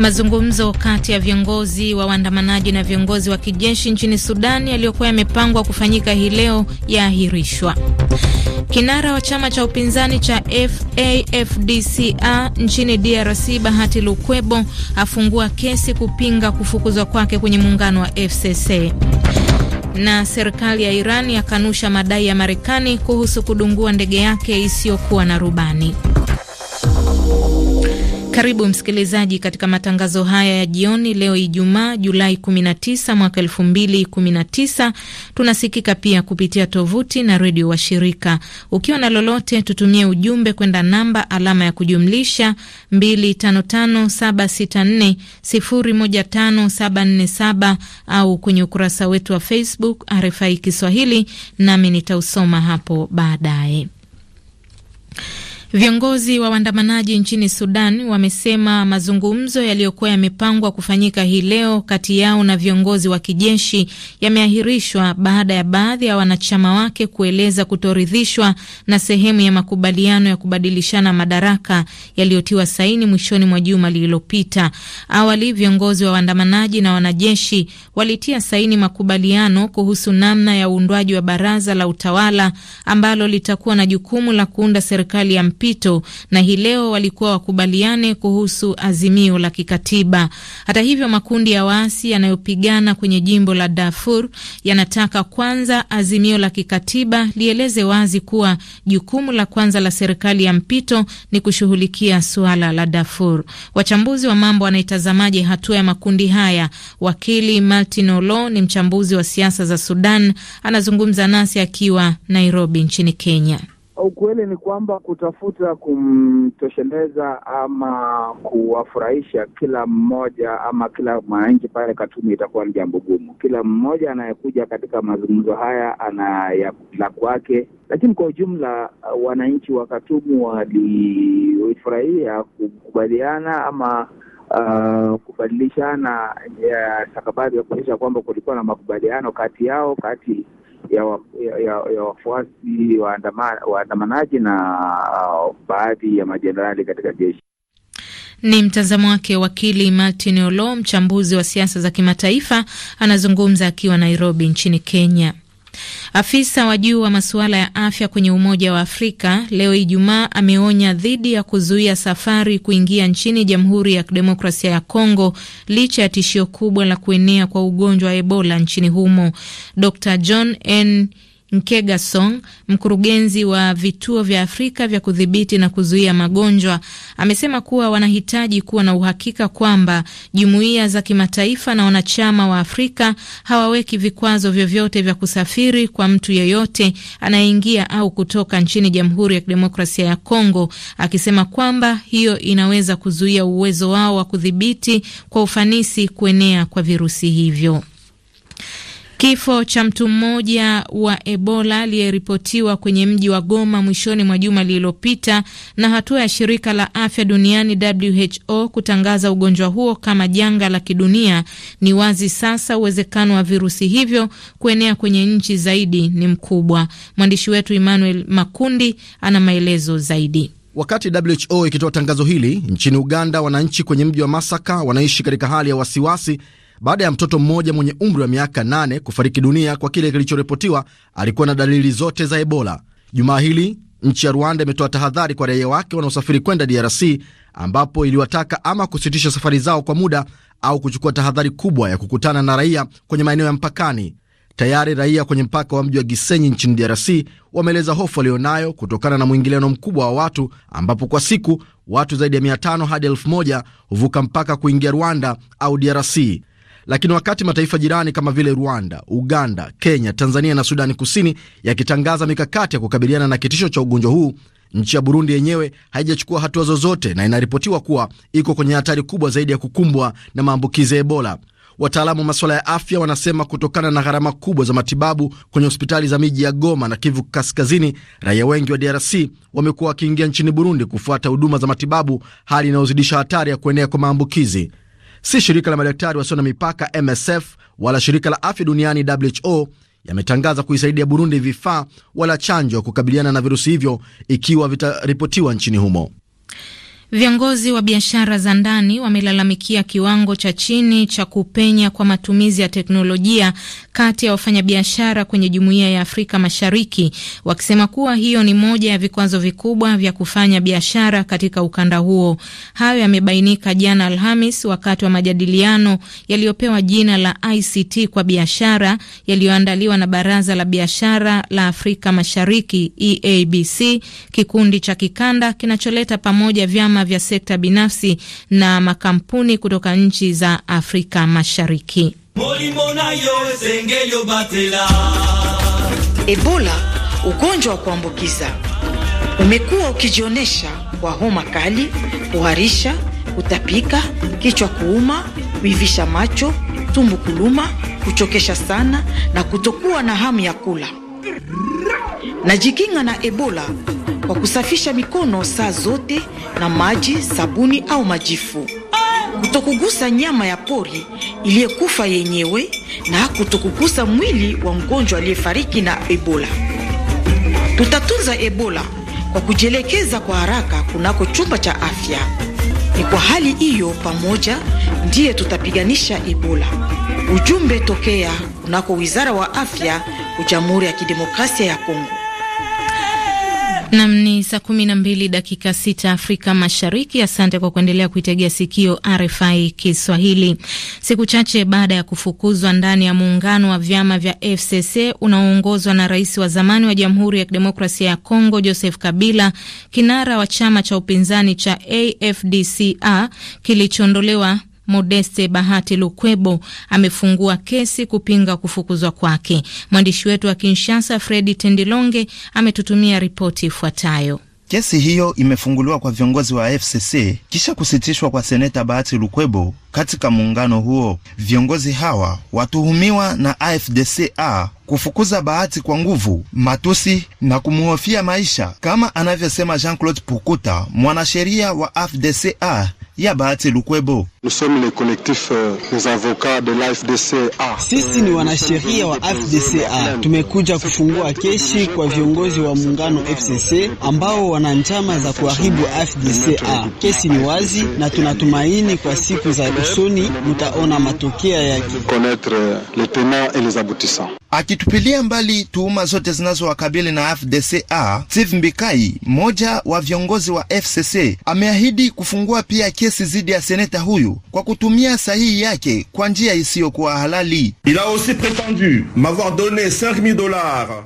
Mazungumzo kati ya viongozi wa waandamanaji na viongozi wa kijeshi nchini Sudani yaliyokuwa yamepangwa kufanyika hii leo yaahirishwa. Kinara wa chama cha upinzani cha AFDCA nchini DRC Bahati Lukwebo afungua kesi kupinga kufukuzwa kwake kwenye muungano wa FCC. Na serikali ya Iran yakanusha madai ya Marekani kuhusu kudungua ndege yake isiyokuwa na rubani. Karibu msikilizaji katika matangazo haya ya jioni leo Ijumaa, Julai 19 mwaka 2019. Tunasikika pia kupitia tovuti na redio wa shirika. Ukiwa na lolote, tutumie ujumbe kwenda namba alama ya kujumlisha 255764015747 au kwenye ukurasa wetu wa Facebook RFI Kiswahili, nami nitausoma hapo baadaye. Viongozi wa waandamanaji nchini Sudan wamesema mazungumzo yaliyokuwa yamepangwa kufanyika hii leo kati yao na viongozi wa kijeshi yameahirishwa baada ya baadhi ya wanachama wake kueleza kutoridhishwa na sehemu ya makubaliano ya kubadilishana madaraka yaliyotiwa saini mwishoni mwa juma lililopita. Awali viongozi wa waandamanaji na wanajeshi walitia saini makubaliano kuhusu namna ya uundwaji wa baraza la utawala ambalo litakuwa na jukumu la kuunda serikali ya mpito na hii leo walikuwa wakubaliane kuhusu azimio la kikatiba. Hata hivyo, makundi ya waasi yanayopigana kwenye jimbo la Darfur yanataka kwanza azimio la kikatiba lieleze wazi kuwa jukumu la kwanza la serikali ya mpito ni kushughulikia suala la Darfur. Wachambuzi wa mambo wanaitazamaje hatua ya makundi haya? Wakili Martin Olo ni mchambuzi wa siasa za Sudan, anazungumza nasi akiwa Nairobi nchini Kenya. Ukweli ni kwamba kutafuta kumtosheleza ama kuwafurahisha kila mmoja ama kila mwananchi pale Katumu itakuwa ni jambo gumu. Kila mmoja anayekuja katika mazungumzo haya ana la kwake, lakini kwa ujumla uh, wananchi wa Katumu walifurahia kukubaliana ama Uh, kubadilishana ya uh, stakabadhi ya kuonyesha kwamba kulikuwa na makubaliano kati yao kati ya, wa, ya, ya, ya wafuasi waandamanaji wa na uh, baadhi ya majenerali katika jeshi. Ni mtazamo wake wakili Martin Olo, mchambuzi wa siasa za kimataifa, anazungumza akiwa Nairobi nchini Kenya. Afisa wa juu wa masuala ya afya kwenye Umoja wa Afrika leo Ijumaa ameonya dhidi ya kuzuia safari kuingia nchini Jamhuri ya Kidemokrasia ya Kongo licha ya tishio kubwa la kuenea kwa ugonjwa wa Ebola nchini humo. Dr John N Mkega Song, mkurugenzi wa vituo vya Afrika vya kudhibiti na kuzuia magonjwa, amesema kuwa wanahitaji kuwa na uhakika kwamba jumuiya za kimataifa na wanachama wa Afrika hawaweki vikwazo vyovyote vya kusafiri kwa mtu yeyote anayeingia au kutoka nchini Jamhuri ya Kidemokrasia ya Kongo, akisema kwamba hiyo inaweza kuzuia uwezo wao wa kudhibiti kwa ufanisi kuenea kwa virusi hivyo. Kifo cha mtu mmoja wa Ebola aliyeripotiwa kwenye mji wa Goma mwishoni mwa juma lililopita na hatua ya shirika la afya duniani WHO kutangaza ugonjwa huo kama janga la kidunia, ni wazi sasa uwezekano wa virusi hivyo kuenea kwenye nchi zaidi ni mkubwa. Mwandishi wetu Emmanuel Makundi ana maelezo zaidi. Wakati WHO ikitoa tangazo hili nchini Uganda, wananchi kwenye mji wa Masaka wanaishi katika hali ya wasiwasi baada ya mtoto mmoja mwenye umri wa miaka nane kufariki dunia kwa kile kilichoripotiwa alikuwa na dalili zote za Ebola. Jumaa hili nchi ya Rwanda imetoa tahadhari kwa raia wake wanaosafiri kwenda DRC, ambapo iliwataka ama kusitisha safari zao kwa muda au kuchukua tahadhari kubwa ya kukutana na raia kwenye maeneo ya mpakani. Tayari raia kwenye mpaka wa mji wa Gisenyi nchini DRC wameeleza hofu walionayo kutokana na mwingiliano mkubwa wa watu, ambapo kwa siku watu zaidi ya 500 hadi 1000 huvuka mpaka kuingia Rwanda au DRC. Lakini wakati mataifa jirani kama vile Rwanda, Uganda, Kenya, Tanzania na Sudani Kusini yakitangaza mikakati ya kukabiliana na kitisho cha ugonjwa huu, nchi ya Burundi yenyewe haijachukua hatua zozote na inaripotiwa kuwa iko kwenye hatari kubwa zaidi ya kukumbwa na maambukizi ya Ebola. Wataalamu wa masuala ya afya wanasema kutokana na gharama kubwa za matibabu kwenye hospitali za miji ya Goma na Kivu Kaskazini, raia wengi wa DRC wamekuwa wakiingia nchini Burundi kufuata huduma za matibabu, hali inayozidisha hatari ya kuenea kwa maambukizi. Si shirika la madaktari wasio na mipaka MSF wala shirika la afya duniani WHO yametangaza kuisaidia Burundi vifaa wala chanjo ya kukabiliana na virusi hivyo ikiwa vitaripotiwa nchini humo. Viongozi wa biashara za ndani wamelalamikia kiwango cha chini cha kupenya kwa matumizi ya teknolojia kati ya wafanyabiashara kwenye jumuiya ya Afrika Mashariki, wakisema kuwa hiyo ni moja ya vikwazo vikubwa vya kufanya biashara katika ukanda huo. Hayo yamebainika jana Alhamis wakati wa majadiliano yaliyopewa jina la ICT kwa biashara yaliyoandaliwa na Baraza la Biashara la Afrika Mashariki EABC, kikundi cha kikanda kinacholeta pamoja vyama vyama vya sekta binafsi na makampuni kutoka nchi za Afrika Mashariki. Ebola ugonjwa wa kuambukiza umekuwa ukijionyesha kwa homa kali, kuharisha, kutapika, kichwa kuuma, kuivisha macho, tumbo kuluma, kuchokesha sana na kutokuwa na hamu ya kula. Najikinga na Ebola kwa kusafisha mikono saa zote na maji, sabuni au majifu, kutokugusa nyama ya pori iliyekufa yenyewe na kutokugusa mwili wa mgonjwa aliyefariki na Ebola. Tutatunza Ebola kwa kujielekeza kwa haraka kunako chumba cha afya. Ni kwa hali hiyo pamoja ndiye tutapiganisha Ebola. Ujumbe tokea kunako Wizara wa Afya. Jamhuri ya Kidemokrasia ya Kongo. Nam ni saa kumi na mbili dakika sita Afrika Mashariki. Asante kwa kuendelea kuitegea sikio RFI Kiswahili. Siku chache baada ya kufukuzwa ndani ya muungano wa vyama vya FCC unaoongozwa na rais wa zamani wa Jamhuri ya Kidemokrasia ya Kongo Joseph Kabila, kinara wa chama cha upinzani cha AFDCA kilichoondolewa Modeste Bahati Lukwebo amefungua kesi kupinga kufukuzwa kwake. Mwandishi wetu wa Kinshasa Fredi Tendilonge ametutumia ripoti ifuatayo. Kesi hiyo imefunguliwa kwa viongozi wa FCC kisha kusitishwa kwa seneta Bahati Lukwebo katika muungano huo. Viongozi hawa watuhumiwa na AFDCA kufukuza Bahati kwa nguvu, matusi na kumhofia maisha, kama anavyosema Jean-Claude Pukuta, mwanasheria wa AFDCA ya Bahati Lukwebo. Euh, Sisi ni wanasheria wa FDCA, tumekuja kufungua kesi kwa viongozi wa muungano FCC ambao wana njama za kuharibu FDCA. Kesi ni wazi na tunatumaini kwa siku za usoni mtaona matokeo yake. Akitupilia mbali tuhuma zote zinazowakabili na FDCA, Steve Mbikai, mmoja wa viongozi wa FCC, ameahidi kufungua pia kesi dhidi ya seneta huyu huyu kwa kutumia sahihi yake kwa njia isiyokuwa halali.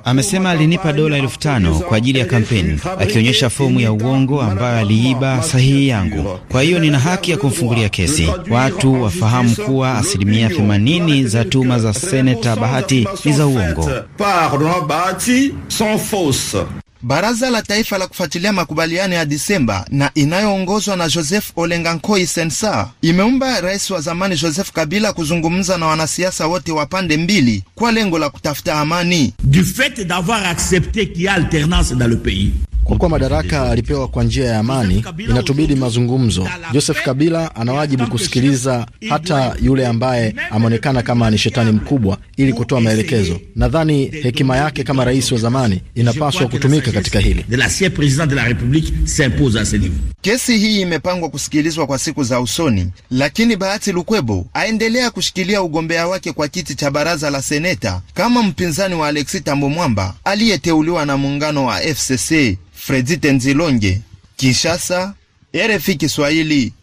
Amesema alinipa dola elfu tano kwa ajili ya kampeni, akionyesha fomu ya uongo ambayo aliiba sahihi yangu. Kwa hiyo nina haki ya kumfungulia kesi. Watu wafahamu kuwa asilimia 80 za tuma za seneta Bahati ni za uongo. Baraza la Taifa la kufuatilia makubaliano ya Disemba na inayoongozwa na Joseph Olengankoi Sensa imeomba rais wa zamani Joseph Kabila kuzungumza na wanasiasa wote wa pande mbili kwa lengo la kutafuta amani. Du fait d'avoir accepté qu'il y a alternance dans le pays kwa kuwa madaraka alipewa kwa njia ya amani, inatubidi mazungumzo. Joseph Kabila anawajibu kusikiliza hata yule ambaye ameonekana kama ni shetani mkubwa, ili kutoa maelekezo. Nadhani hekima yake kama rais wa zamani inapaswa kutumika katika hili. Kesi hii imepangwa kusikilizwa kwa siku za usoni, lakini Bahati Lukwebo aendelea kushikilia ugombea wake kwa kiti cha baraza la seneta kama mpinzani wa Alexi Tambo Mwamba aliyeteuliwa na muungano wa FCC. Fredi Tenzilonge, Kinshasa, RFI Kiswahili.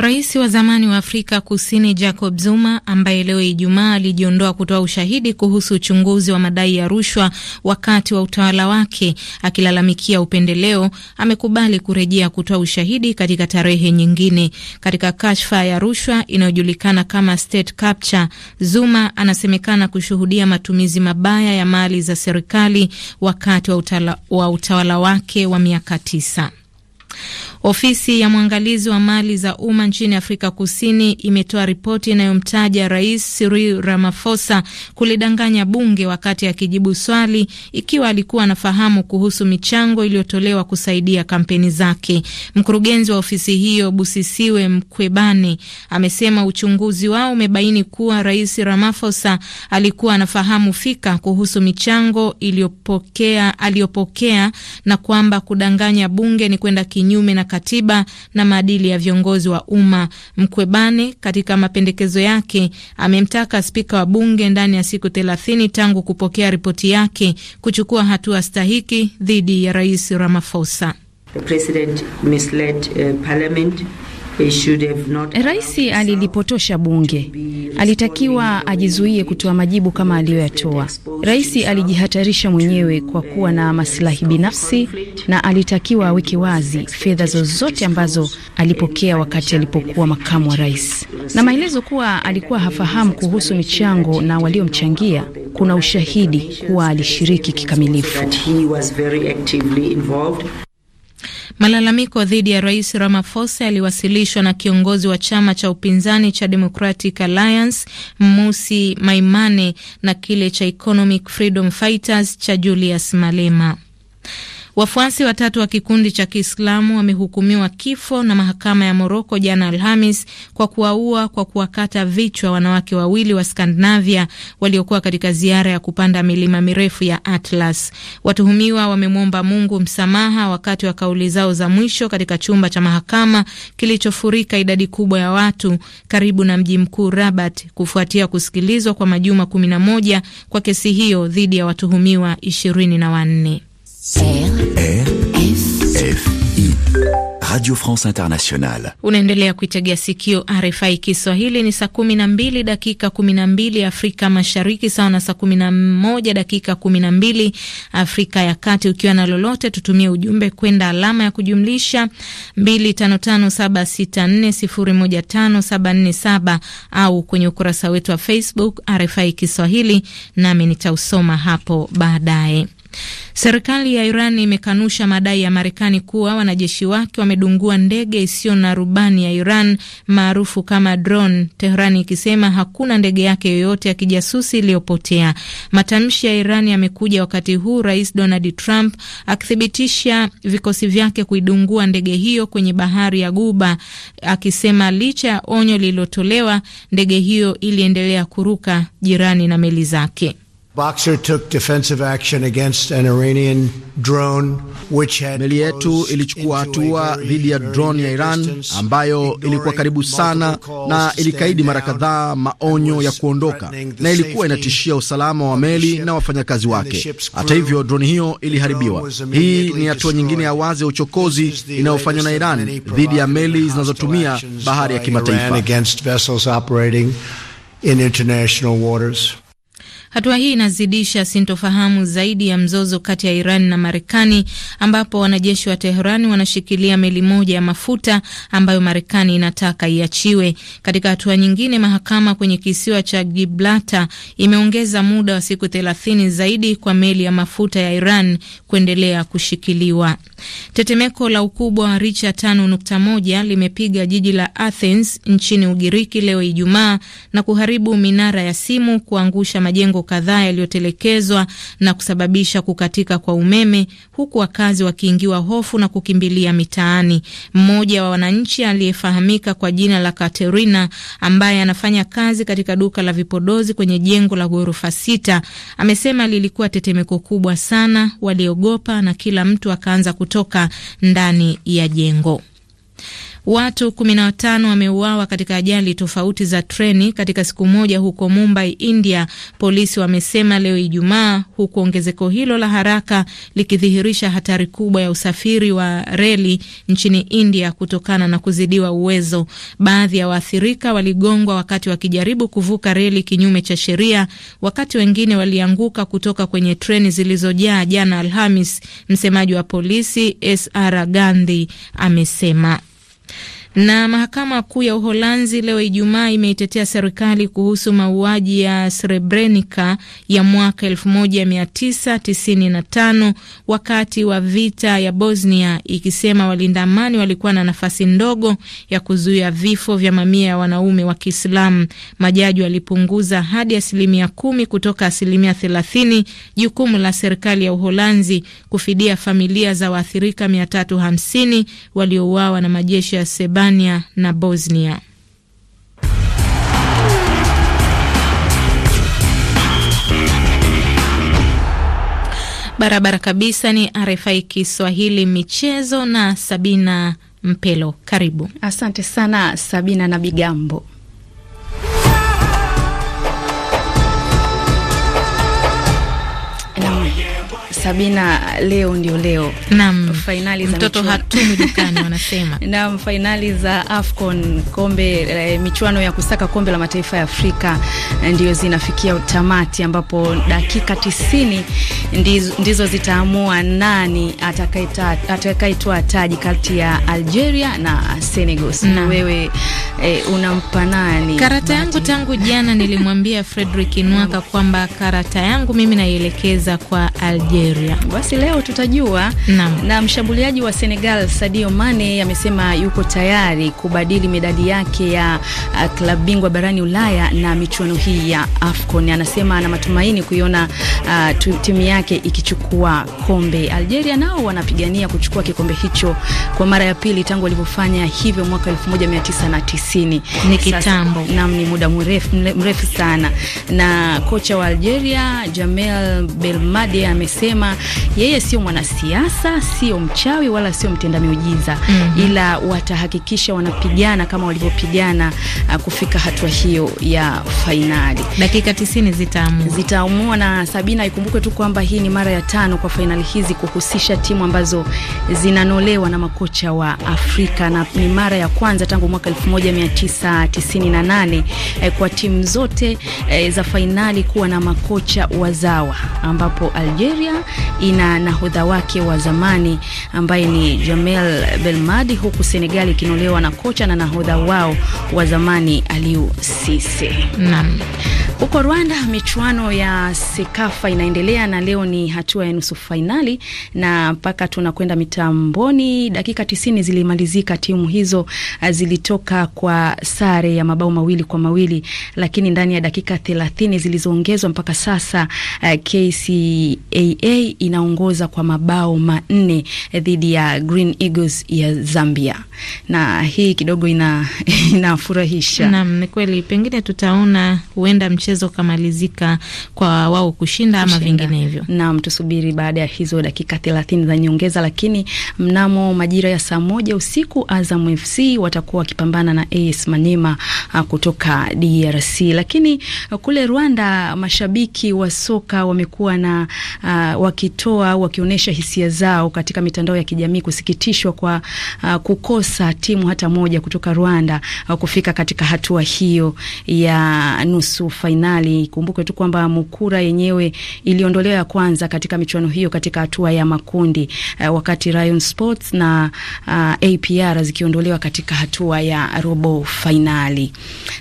Rais wa zamani wa Afrika Kusini Jacob Zuma, ambaye leo Ijumaa alijiondoa kutoa ushahidi kuhusu uchunguzi wa madai ya rushwa wakati wa utawala wake, akilalamikia upendeleo, amekubali kurejea kutoa ushahidi katika tarehe nyingine. Katika kashfa ya rushwa inayojulikana kama state capture, Zuma anasemekana kushuhudia matumizi mabaya ya mali za serikali wakati wa utawala, wa utawala wake wa miaka tisa. Ofisi ya mwangalizi wa mali za umma nchini Afrika Kusini imetoa ripoti inayomtaja Rais Cyril Ramaphosa kulidanganya bunge wakati akijibu swali ikiwa alikuwa anafahamu kuhusu michango iliyotolewa kusaidia kampeni zake. Mkurugenzi wa ofisi hiyo Busisiwe Mkwebane amesema uchunguzi wao umebaini kuwa Rais Ramaphosa alikuwa anafahamu fika kuhusu michango iliyopokea aliyopokea na kwamba kudanganya bunge ni kwenda kinyume kinyume na katiba na maadili ya viongozi wa umma. Mkwebane katika mapendekezo yake amemtaka spika wa bunge ndani ya siku thelathini tangu kupokea ripoti yake kuchukua hatua stahiki dhidi ya Rais Ramaphosa. The president misled, uh, parliament. Rais alilipotosha bunge, alitakiwa ajizuie kutoa majibu kama aliyoyatoa. Rais alijihatarisha mwenyewe kwa kuwa na masilahi binafsi, na alitakiwa aweke wazi fedha zozote ambazo alipokea wakati alipokuwa makamu wa rais, na maelezo kuwa alikuwa hafahamu kuhusu michango na waliomchangia. Kuna ushahidi kuwa alishiriki kikamilifu. Malalamiko dhidi ya Rais Ramaphosa yaliwasilishwa na kiongozi wa chama cha upinzani cha Democratic Alliance Musi Maimane na kile cha Economic Freedom Fighters cha Julius Malema. Wafuasi watatu wa kikundi cha Kiislamu wamehukumiwa kifo na mahakama ya Moroko jana Alhamis kwa kuwaua kwa kuwakata vichwa wanawake wawili wa Skandinavia waliokuwa katika ziara ya kupanda milima mirefu ya Atlas. Watuhumiwa wamemwomba Mungu msamaha wakati wa kauli zao za mwisho katika chumba cha mahakama kilichofurika idadi kubwa ya watu karibu na mji mkuu Rabat, kufuatia kusikilizwa kwa majuma moja kwa kesi hiyo dhidi ya watuhumiwa wanne. RFI Radio France Internationale. Unaendelea kuitegea sikio RFI Kiswahili. Ni saa kumi na mbili dakika kumi na mbili Afrika Mashariki, sawa na saa kumi na moja dakika kumi na mbili Afrika ya Kati. Ukiwa na lolote, tutumie ujumbe kwenda alama ya kujumlisha 255764015747 au kwenye ukurasa wetu wa Facebook RFI Kiswahili, nami nitausoma hapo baadaye. Serikali ya Iran imekanusha madai ya Marekani kuwa wanajeshi wake wamedungua ndege isiyo na rubani ya Iran maarufu kama drone, Tehran ikisema hakuna ndege yake yoyote ya kijasusi iliyopotea. Matamshi ya Iran yamekuja wakati huu Rais Donald Trump akithibitisha vikosi vyake kuidungua ndege hiyo kwenye bahari ya Guba, akisema licha ya onyo lililotolewa, ndege hiyo iliendelea kuruka jirani na meli zake. Meli yetu ilichukua hatua dhidi ya drone ya Iran ambayo ilikuwa karibu sana na ilikaidi mara kadhaa maonyo ya kuondoka na ilikuwa inatishia usalama wa meli na wafanyakazi wake. Hata hivyo, drone hiyo iliharibiwa. Hii ni hatua nyingine ya wazi ya uchokozi inayofanywa na Iran dhidi ya meli zinazotumia bahari ya kimataifa. Hatua hii inazidisha sintofahamu zaidi ya mzozo kati ya Iran na Marekani, ambapo wanajeshi wa tehran wanashikilia meli moja ya mafuta ambayo Marekani inataka iachiwe. Katika hatua nyingine, mahakama kwenye kisiwa cha Gibraltar imeongeza muda wa siku thelathini zaidi kwa meli ya mafuta ya Iran kuendelea kushikiliwa. Tetemeko la ukubwa wa richa 5.1 limepiga jiji la Athens nchini Ugiriki leo Ijumaa na kuharibu minara ya simu, kuangusha majengo kadhaa yaliyotelekezwa na kusababisha kukatika kwa umeme, huku wakazi wakiingiwa hofu na kukimbilia mitaani. Mmoja wa wananchi aliyefahamika kwa jina la Katerina, ambaye anafanya kazi katika duka la vipodozi kwenye jengo la ghorofa sita, amesema lilikuwa tetemeko kubwa sana, waliogopa na kila mtu akaanza kutoka ndani ya jengo. Watu 15 wameuawa katika ajali tofauti za treni katika siku moja huko Mumbai, India, polisi wamesema leo Ijumaa, huku ongezeko hilo la haraka likidhihirisha hatari kubwa ya usafiri wa reli nchini India kutokana na kuzidiwa uwezo. Baadhi ya waathirika waligongwa wakati wakijaribu kuvuka reli kinyume cha sheria, wakati wengine walianguka kutoka kwenye treni zilizojaa jana Alhamis, msemaji wa polisi SR Gandhi amesema. Na mahakama kuu ya Uholanzi leo Ijumaa imeitetea serikali kuhusu mauaji ya Srebrenica ya mwaka 1995 wakati wa vita ya Bosnia, ikisema walinda amani walikuwa na nafasi ndogo ya kuzuia vifo vya mamia ya wanaume wa Kiislamu. Majaji walipunguza hadi asilimia kumi kutoka asilimia thelathini jukumu la serikali ya Uholanzi kufidia familia za waathirika 350 waliouawa na majeshi ya Sebani Albania na Bosnia. Barabara kabisa. Ni RFI Kiswahili michezo na Sabina Mpelo, karibu. Asante sana Sabina na Bigambo. Sabina, leo ndio leo naam, fainali za mtoto hatumi dukani wanasema naam, fainali za AFCON kombe e, michuano ya kusaka kombe la mataifa ya Afrika eh, ndio zinafikia utamati, ambapo dakika tisini ndizo, ndizo zitaamua nani atakayetoa taji kati ya Algeria na Senegal. Na wewe e, unampa nani karata yangu? Tangu jana nilimwambia Frederick Nwaka kwamba karata yangu mimi naielekeza kwa Algeria. Nigeria. Basi leo tutajua na, na mshambuliaji wa Senegal Sadio Mane amesema yuko tayari kubadili medali yake ya uh, klabu bingwa barani Ulaya na michuano hii ya AFCON. Anasema ana matumaini kuiona uh, timu yake ikichukua kombe. Algeria nao wanapigania kuchukua kikombe hicho kwa mara ya pili tangu walivyofanya hivyo mwaka 1990. Ni kitambo. Naam, ni muda mrefu mrefu sana. Na kocha wa Algeria Jamel Belmadi amesema anasema yeye sio mwanasiasa, sio mchawi wala sio mtenda miujiza mm -hmm. ila watahakikisha wanapigana kama walivyopigana uh, kufika hatua hiyo ya fainali. Dakika 90 zitaamua zitaamua. Na Sabina, ikumbuke tu kwamba hii ni mara ya tano kwa fainali hizi kuhusisha timu ambazo zinanolewa na makocha wa Afrika na ni mara ya kwanza tangu mwaka 1998 eh, kwa timu zote eh, za fainali kuwa na makocha wazawa ambapo Algeria ina nahodha wake wa zamani ambaye ni Jamel Belmadi, huku Senegali ikinolewa na kocha na nahodha wao wa zamani Aliou Cisse. Naam. Huko Rwanda michuano ya Sekafa inaendelea na leo ni hatua ya nusu fainali, na mpaka tunakwenda mitamboni, dakika tisini zilimalizika, timu hizo eh, zilitoka kwa sare ya mabao mawili kwa mawili, lakini ndani ya dakika thelathini zilizoongezwa mpaka sasa uh, eh, KCAA inaongoza kwa mabao manne eh, dhidi ya Green Eagles ya Zambia, na hii kidogo ina inafurahisha. Naam, ni kweli, pengine tutaona huenda mch mchezo ukamalizika kwa wao kushinda ama vinginevyo. Naam, tusubiri baada ya hizo dakika thelathini za nyongeza, lakini mnamo majira ya saa moja usiku Azam FC watakuwa wakipambana na AS manema ah, kutoka DRC. Lakini ah, kule Rwanda mashabiki wa soka wamekuwa na uh, wakitoa au wakionyesha hisia zao katika mitandao ya kijamii kusikitishwa kwa uh, kukosa timu hata moja kutoka Rwanda uh, kufika katika hatua hiyo ya nusu fainali fainali. Kumbuke tu kwamba Mukura yenyewe iliondolewa ya kwanza katika michuano hiyo katika hatua ya makundi uh, wakati Rayon Sports na uh, eh, APR zikiondolewa katika hatua ya robo fainali.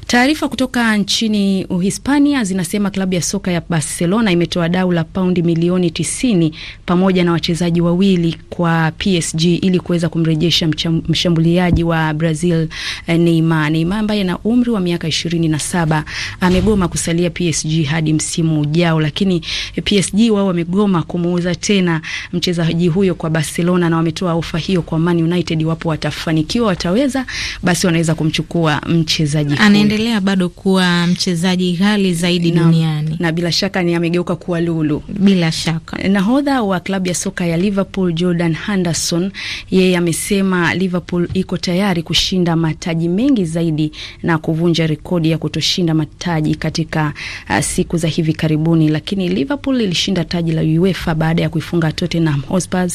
Taarifa kutoka nchini Uhispania zinasema klabu ya soka ya Barcelona imetoa dau la paundi milioni 90 pamoja na wachezaji wawili kwa PSG ili kuweza kumrejesha mshambuliaji wa Brazil eh, Neymar. Neymar ambaye ana umri wa miaka 27 amegoma kusalia PSG hadi msimu ujao, lakini PSG wao wamegoma kumuuza tena mchezaji huyo kwa Barcelona na wametoa ofa hiyo kwa Man United. Wapo watafanikiwa, wataweza basi, wanaweza kumchukua mchezaji huyo. Anaendelea bado kuwa mchezaji ghali zaidi na duniani na bila shaka ni amegeuka kuwa lulu, bila shaka. Nahodha wa klabu ya soka ya Liverpool Jordan Henderson, yeye amesema Liverpool iko tayari kushinda mataji mengi zaidi na kuvunja rekodi ya kutoshinda mataji katika katika uh, siku za hivi karibuni, lakini Liverpool ilishinda taji la UEFA baada ya kuifunga Tottenham Hotspur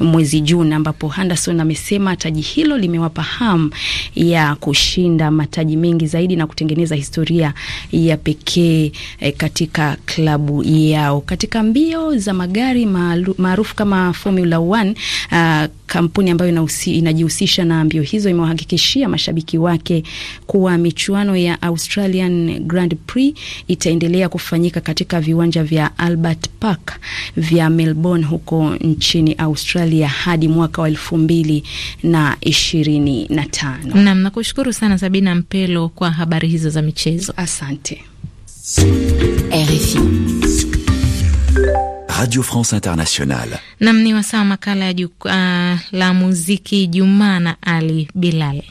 mwezi Juni, ambapo Henderson amesema taji hilo limewapa hamu ya kushinda mataji mengi zaidi na kutengeneza historia ya pekee eh, katika klabu yao. Katika mbio za magari maarufu kama Formula 1 uh, kampuni ambayo inajihusisha na mbio hizo imewahakikishia mashabiki wake kuwa michuano ya Australian Grand Prix itaendelea kufanyika katika viwanja vya Albert Park vya Melbourne huko nchini Australia hadi mwaka wa elfu mbili na ishirini na tano. Nam, nakushukuru sana Sabina Mpelo kwa habari hizo za michezo, asante. RFI Radio France Internationale. Nam ni wasaa makala ya jukwaa la muziki Jumaa na Ali Bilal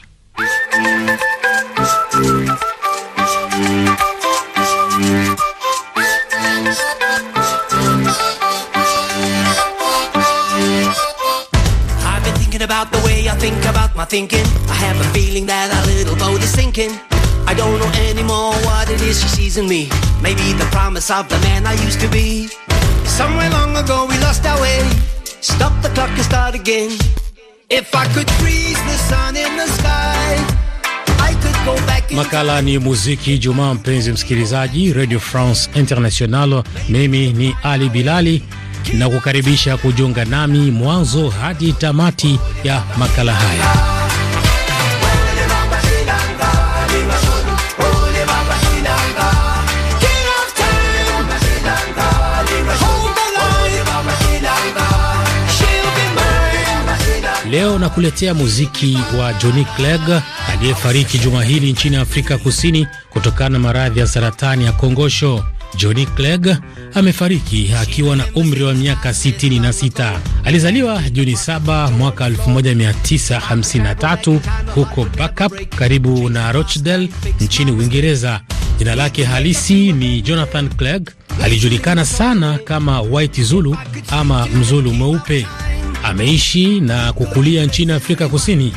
I've been thinking about the way I think about my thinking. I have a feeling that our little boat is sinking. I don't know anymore what it is she sees in me. Maybe the promise of the man I used to be. Somewhere long ago we lost our way. Stop the clock and start again. If I could freeze the sun in the sky Makala ni muziki Jumaa. Mpenzi msikilizaji, Radio France International, mimi ni Ali Bilali na kukaribisha kujiunga nami mwanzo hadi tamati ya makala haya. Leo nakuletea muziki wa Johnny Clegg aliyefariki juma hili nchini Afrika Kusini kutokana na maradhi ya saratani ya kongosho. Johnny Clegg amefariki akiwa na umri wa miaka 66. Alizaliwa Juni 7 mwaka 1953 huko Bacup karibu na Rochdale nchini Uingereza. Jina lake halisi ni Jonathan Clegg. Alijulikana sana kama White Zulu ama Mzulu mweupe. Ameishi na kukulia nchini Afrika Kusini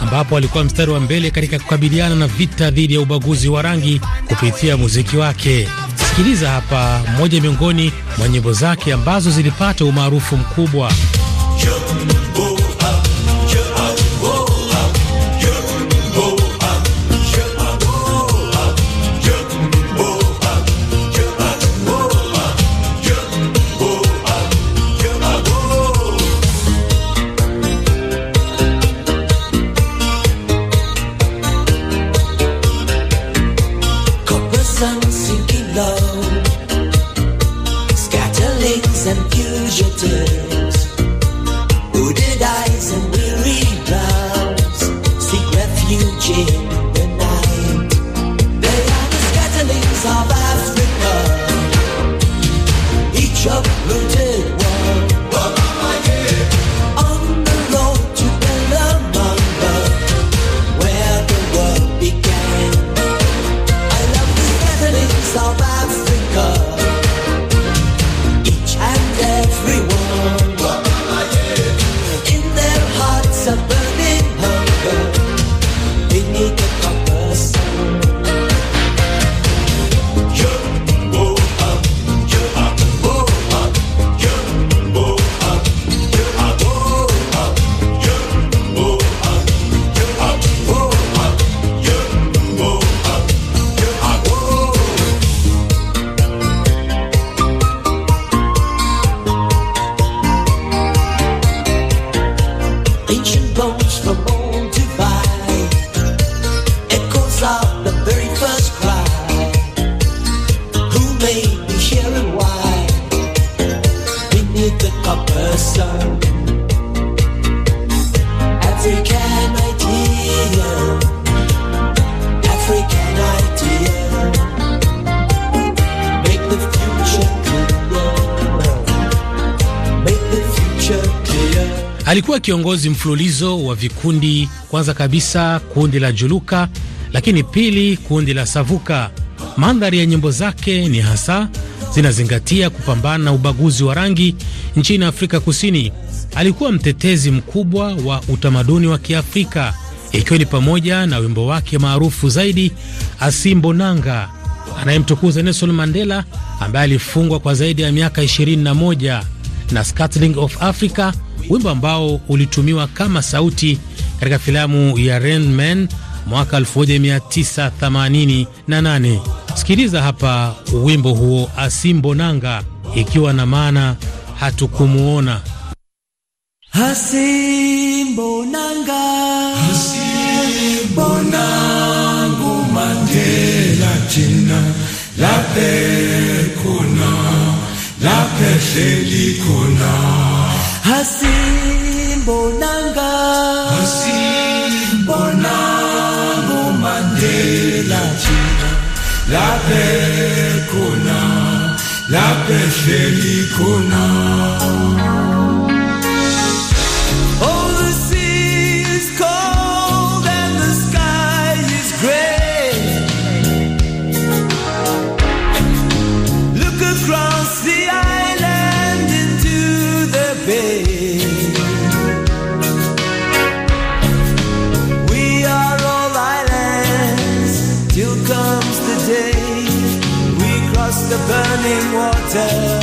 ambapo alikuwa mstari wa mbele katika kukabiliana na vita dhidi ya ubaguzi wa rangi kupitia muziki wake. Sikiliza hapa mmoja miongoni mwa nyimbo zake ambazo zilipata umaarufu mkubwa Jum. of Africa, each of uprooted. kiongozi mfululizo wa vikundi, kwanza kabisa kundi la Juluka, lakini pili kundi la Savuka. Mandhari ya nyimbo zake ni hasa zinazingatia kupambana na ubaguzi wa rangi nchini Afrika Kusini. Alikuwa mtetezi mkubwa wa utamaduni wa Kiafrika, ikiwa ni pamoja na wimbo wake maarufu zaidi Asimbonanga, anayemtukuza Nelson Mandela ambaye alifungwa kwa zaidi ya miaka 21 na Scattering of Africa wimbo ambao ulitumiwa kama sauti katika filamu ya Rain Man mwaka 1988. Sikiliza hapa wimbo huo Asimbonanga, ikiwa na maana hatukumuona. Asimbonanga, asimbonangu Mandela jina lape kona lape selikona Hasim Bonanga Hasim Bonango Mandela China La La qu'on a La paix chez tell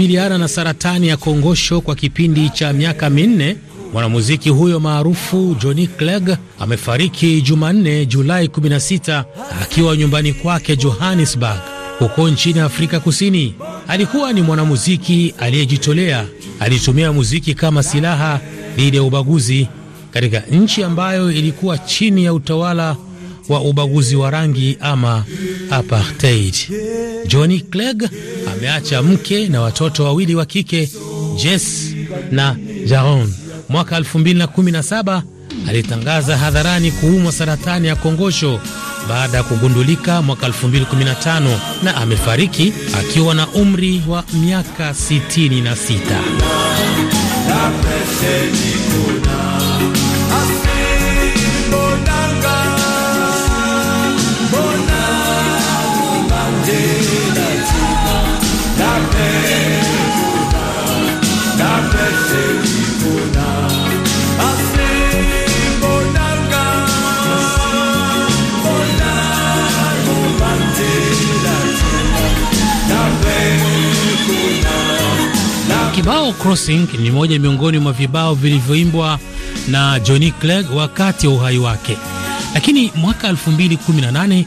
kukabiliana na saratani ya kongosho kwa kipindi cha miaka minne. Mwanamuziki huyo maarufu Johnny Clegg amefariki Jumanne, Julai 16 akiwa nyumbani kwake Johannesburg, huko nchini Afrika Kusini. Alikuwa ni mwanamuziki aliyejitolea, alitumia muziki kama silaha dhidi ya ubaguzi katika nchi ambayo ilikuwa chini ya utawala wa ubaguzi wa rangi ama apartheid. Johnny Clegg ameacha mke na watoto wawili wa kike Jess na Jaron. Mwaka 2017 alitangaza hadharani kuumwa saratani ya kongosho baada ya kugundulika mwaka 2015 na amefariki akiwa na umri wa miaka 66. Kibao Crossing ni moja miongoni mwa vibao vilivyoimbwa na Johnny Clegg wakati wa uhai wake, lakini mwaka 2018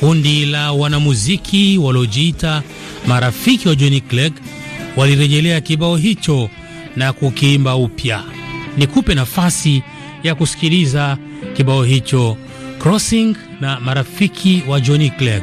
kundi la wanamuziki waliojiita marafiki wa Johnny Clegg walirejelea kibao hicho na kukiimba upya. Nikupe nafasi ya kusikiliza kibao hicho Crossing na marafiki wa Johnny Clegg.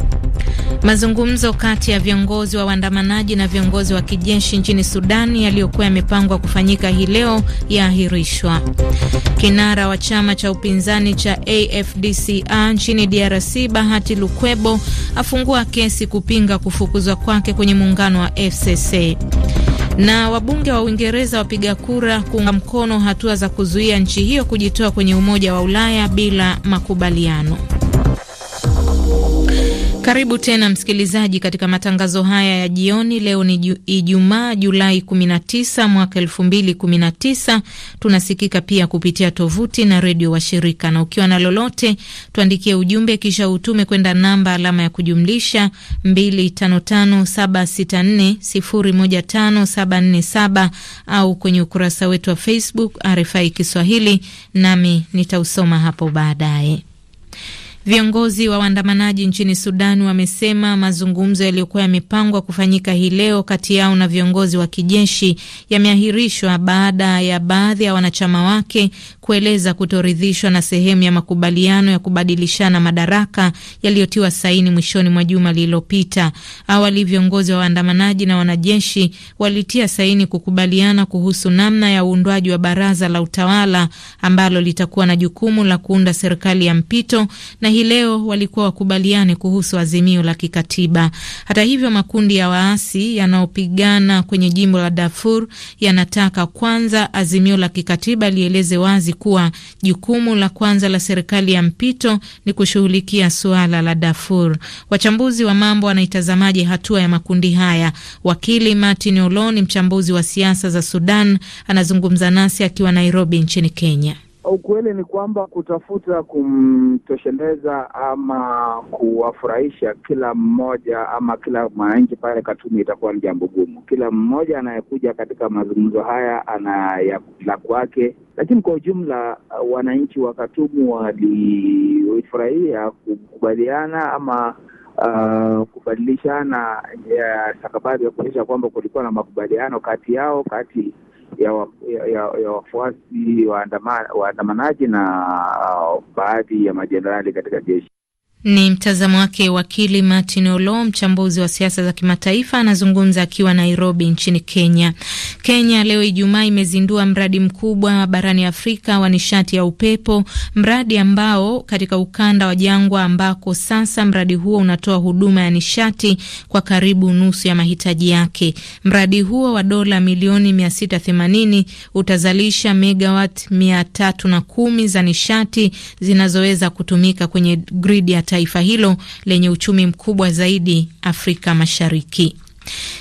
Mazungumzo kati ya viongozi wa waandamanaji na viongozi wa kijeshi nchini Sudani yaliyokuwa yamepangwa kufanyika hii leo yaahirishwa. Kinara wa chama cha upinzani cha AFDCA nchini DRC Bahati Lukwebo afungua kesi kupinga kufukuzwa kwake kwenye muungano wa FCC na wabunge wa Uingereza wapiga kura kuunga mkono hatua za kuzuia nchi hiyo kujitoa kwenye Umoja wa Ulaya bila makubaliano. Karibu tena msikilizaji, katika matangazo haya ya jioni. Leo ni Ijumaa, Julai 19 mwaka 2019. Tunasikika pia kupitia tovuti na redio washirika, na ukiwa na lolote tuandikie ujumbe kisha utume kwenda namba alama ya kujumlisha 255764015747 au kwenye ukurasa wetu wa Facebook RFI Kiswahili, nami nitausoma hapo baadaye. Viongozi wa waandamanaji nchini Sudan wamesema mazungumzo yaliyokuwa yamepangwa kufanyika hii leo kati yao na viongozi wa kijeshi yameahirishwa baada ya baadhi ya wanachama wake kueleza kutoridhishwa na sehemu ya makubaliano ya kubadilishana madaraka yaliyotiwa saini mwishoni mwa juma lililopita. Awali viongozi wa waandamanaji na wanajeshi walitia saini kukubaliana kuhusu namna ya uundwaji wa baraza la utawala ambalo litakuwa na jukumu la kuunda serikali ya mpito na hii leo walikuwa wakubaliane kuhusu azimio la kikatiba. Hata hivyo, makundi ya waasi yanayopigana kwenye jimbo la Darfur yanataka kwanza azimio la kikatiba lieleze wazi kuwa jukumu la kwanza la serikali ya mpito ni kushughulikia suala la Darfur. Wachambuzi wa mambo wanaitazamaje hatua ya makundi haya? Wakili Martin Olo ni mchambuzi wa siasa za Sudan, anazungumza nasi akiwa Nairobi nchini Kenya. Ukweli ni kwamba kutafuta kumtosheleza ama kuwafurahisha kila mmoja ama kila mwananchi pale Katumu itakuwa ni jambo gumu. Kila mmoja anayekuja katika mazungumzo haya ana la kwake, lakini kwa ujumla uh, wananchi wa Katumu walifurahia kukubaliana ama Uh, kubadilishana uh, stakabadhi ya kuonyesha kwamba kulikuwa na makubaliano kati yao kati ya, wa, ya, ya, ya wafuasi waandamanaji na uh, baadhi ya majenerali katika jeshi. Ni mtazamo wake wakili Martin Olo, mchambuzi wa siasa za kimataifa, anazungumza akiwa Nairobi nchini Kenya. Kenya leo Ijumaa imezindua mradi mkubwa barani Afrika wa nishati ya upepo, mradi ambao katika ukanda wa jangwa, ambako sasa mradi huo unatoa huduma ya nishati kwa karibu nusu ya mahitaji yake. Mradi huo wa dola milioni 680 utazalisha megawat 310 za nishati zinazoweza kutumika kwenye gridi ya taifa hilo lenye uchumi mkubwa zaidi Afrika Mashariki.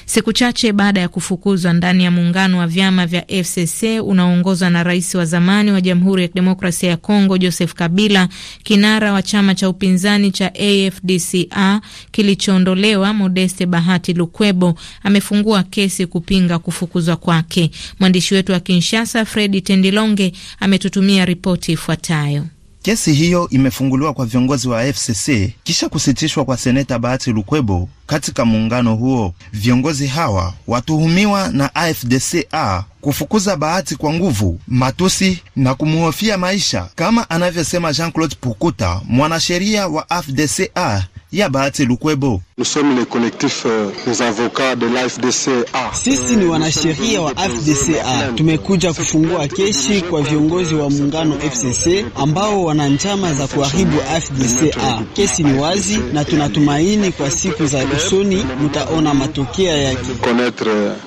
Siku chache baada ya kufukuzwa ndani ya muungano wa vyama vya FCC unaoongozwa na rais wa zamani wa Jamhuri ya Kidemokrasia ya Kongo Joseph Kabila, kinara wa chama cha upinzani cha AFDCA kilichoondolewa Modeste Bahati Lukwebo amefungua kesi kupinga kufukuzwa kwake. Mwandishi wetu wa Kinshasa Fredi Tendilonge ametutumia ripoti ifuatayo. Kesi hiyo imefunguliwa kwa viongozi wa FCC kisha kusitishwa kwa seneta Bahati Lukwebo katika muungano huo. Viongozi hawa watuhumiwa na AFDCA kufukuza Bahati kwa nguvu, matusi na kumuhofia maisha, kama anavyosema Jean-Claude Pukuta, mwanasheria wa AFDCA ya Bahati Lukwebo. Euh, Sisi ni wanasheria wa FDCA, tumekuja kufungua kesi kwa viongozi wa muungano FCC ambao wana njama za kuharibu FDCA. Kesi ni wazi na tunatumaini kwa siku za usoni mtaona matokeo yake.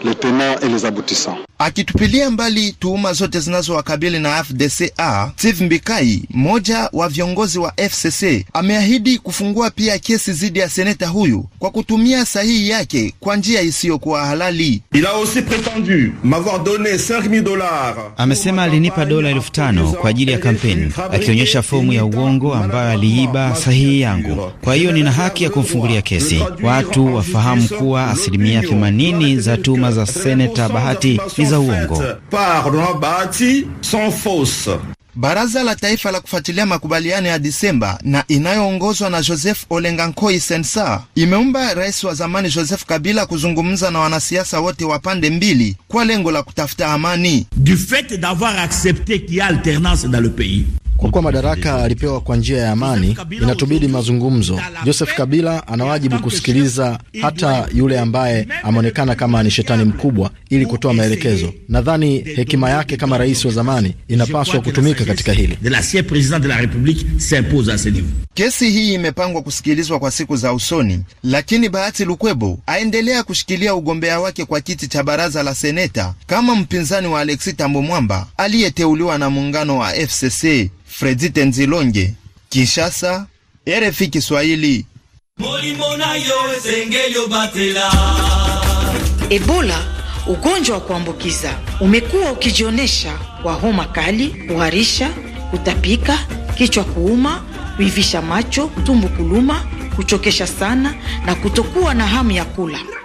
Euh, Akitupilia mbali tuhuma zote zinazowakabili na FDCA, Steve Mbikai, mmoja wa viongozi wa FCC, ameahidi kufungua pia kesi kesi dhidi ya seneta huyu kwa kutumia sahihi yake kwa njia isiyokuwa halali. Il a aussi prétendu m'avoir donné 5000 dollars. Amesema alinipa dola elfu tano kwa ajili ya kampeni, akionyesha fomu ya uongo ambayo aliiba sahihi yangu. Kwa hiyo nina haki ya kumfungulia kesi. Watu wafahamu kuwa asilimia 80 za tuma za seneta Bahati ni za uongo. Baraza la Taifa la kufuatilia makubaliano ya Disemba na inayoongozwa na Joseph Olengankoi Sensa imeumba rais wa zamani Joseph Kabila kuzungumza na wanasiasa wote wa pande mbili kwa lengo la kutafuta amani. Du fait d'avoir accepté qu'il y a alternance dans le pays kwa kuwa madaraka alipewa kwa njia ya amani, inatubidi mazungumzo. Joseph Kabila ana wajibu kusikiliza hata yule ambaye ameonekana kama ni shetani mkubwa, ili kutoa maelekezo. Nadhani hekima yake kama rais wa zamani inapaswa kutumika katika hili. Kesi hii imepangwa kusikilizwa kwa siku za usoni, lakini Bahati Lukwebo aendelea kushikilia ugombea wake kwa kiti cha baraza la seneta kama mpinzani wa Alexi Tambo Mwamba aliyeteuliwa na muungano wa FCC. Fredzite tenzilonge Kinshasa, RFI Kiswahili. Ebola, ugonjwa wa kuambukiza umekuwa ukijionyesha kwa homa kali, kuharisha, kutapika, kichwa kuuma, kuivisha macho, tumbo kuluma, kuchokesha sana na kutokuwa na hamu ya kula.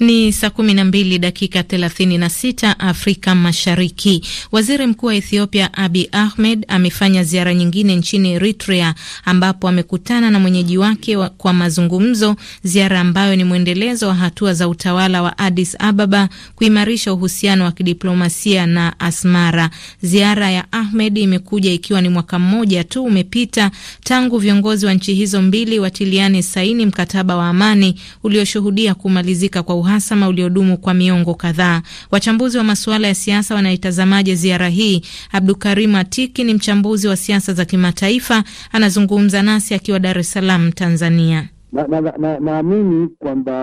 Ni saa kumi na mbili dakika thelathini na sita Afrika Mashariki. Waziri Mkuu wa Ethiopia Abi Ahmed amefanya ziara nyingine nchini Eritrea ambapo amekutana na mwenyeji wake wa kwa mazungumzo, ziara ambayo ni mwendelezo wa hatua za utawala wa adis Ababa kuimarisha uhusiano wa kidiplomasia na Asmara. Ziara ya Ahmed imekuja ikiwa ni mwaka mmoja tu umepita tangu viongozi wa nchi hizo mbili watiliane saini mkataba wa amani ulioshuhudia kumalizika kwa uhasama uliodumu kwa miongo kadhaa. Wachambuzi wa masuala ya siasa wanaitazamaje ziara hii? Abdukarimu Atiki ni mchambuzi wa siasa za kimataifa, anazungumza nasi akiwa Dar es Salaam, Tanzania. Naamini na, na, na kwamba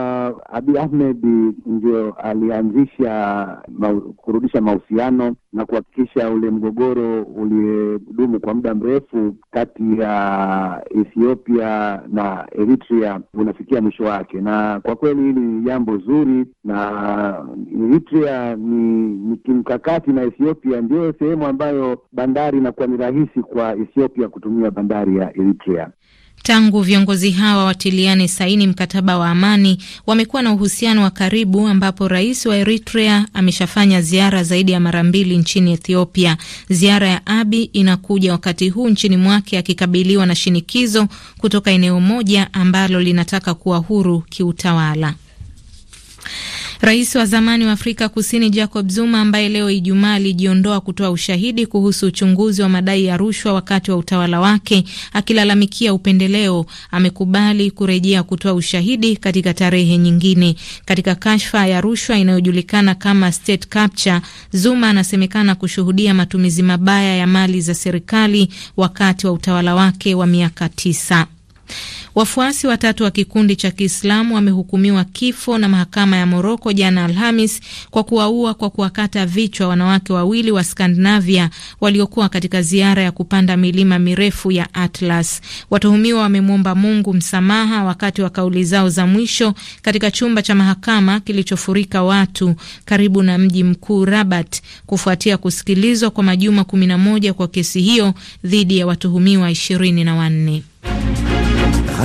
abi Ahmed ndio alianzisha ma, kurudisha mahusiano na kuhakikisha ule mgogoro uliodumu kwa muda mrefu kati ya Ethiopia na Eritrea unafikia mwisho wake, na kwa kweli hili ni jambo zuri, na Eritrea ni, ni kimkakati na Ethiopia ndiyo sehemu ambayo bandari inakuwa ni rahisi kwa Ethiopia kutumia bandari ya Eritrea. Tangu viongozi hawa watiliane saini mkataba wa amani, wamekuwa na uhusiano wa karibu, ambapo rais wa Eritrea ameshafanya ziara zaidi ya mara mbili nchini Ethiopia. Ziara ya Abi inakuja wakati huu nchini mwake akikabiliwa na shinikizo kutoka eneo moja ambalo linataka kuwa huru kiutawala. Rais wa zamani wa Afrika Kusini Jacob Zuma ambaye leo Ijumaa alijiondoa kutoa ushahidi kuhusu uchunguzi wa madai ya rushwa wakati wa utawala wake, akilalamikia upendeleo, amekubali kurejea kutoa ushahidi katika tarehe nyingine. Katika kashfa ya rushwa inayojulikana kama state capture, Zuma anasemekana kushuhudia matumizi mabaya ya mali za serikali wakati wa utawala wake wa miaka tisa. Wafuasi watatu wa kikundi cha Kiislamu wamehukumiwa kifo na mahakama ya Moroko jana Alhamis kwa kuwaua kwa kuwakata vichwa wanawake wawili wa Skandinavia waliokuwa katika ziara ya kupanda milima mirefu ya Atlas. Watuhumiwa wamemwomba Mungu msamaha wakati wa kauli zao za mwisho katika chumba cha mahakama kilichofurika watu karibu na mji mkuu Rabat kufuatia kusikilizwa kwa majuma 11 kwa kesi hiyo dhidi ya watuhumiwa wanne.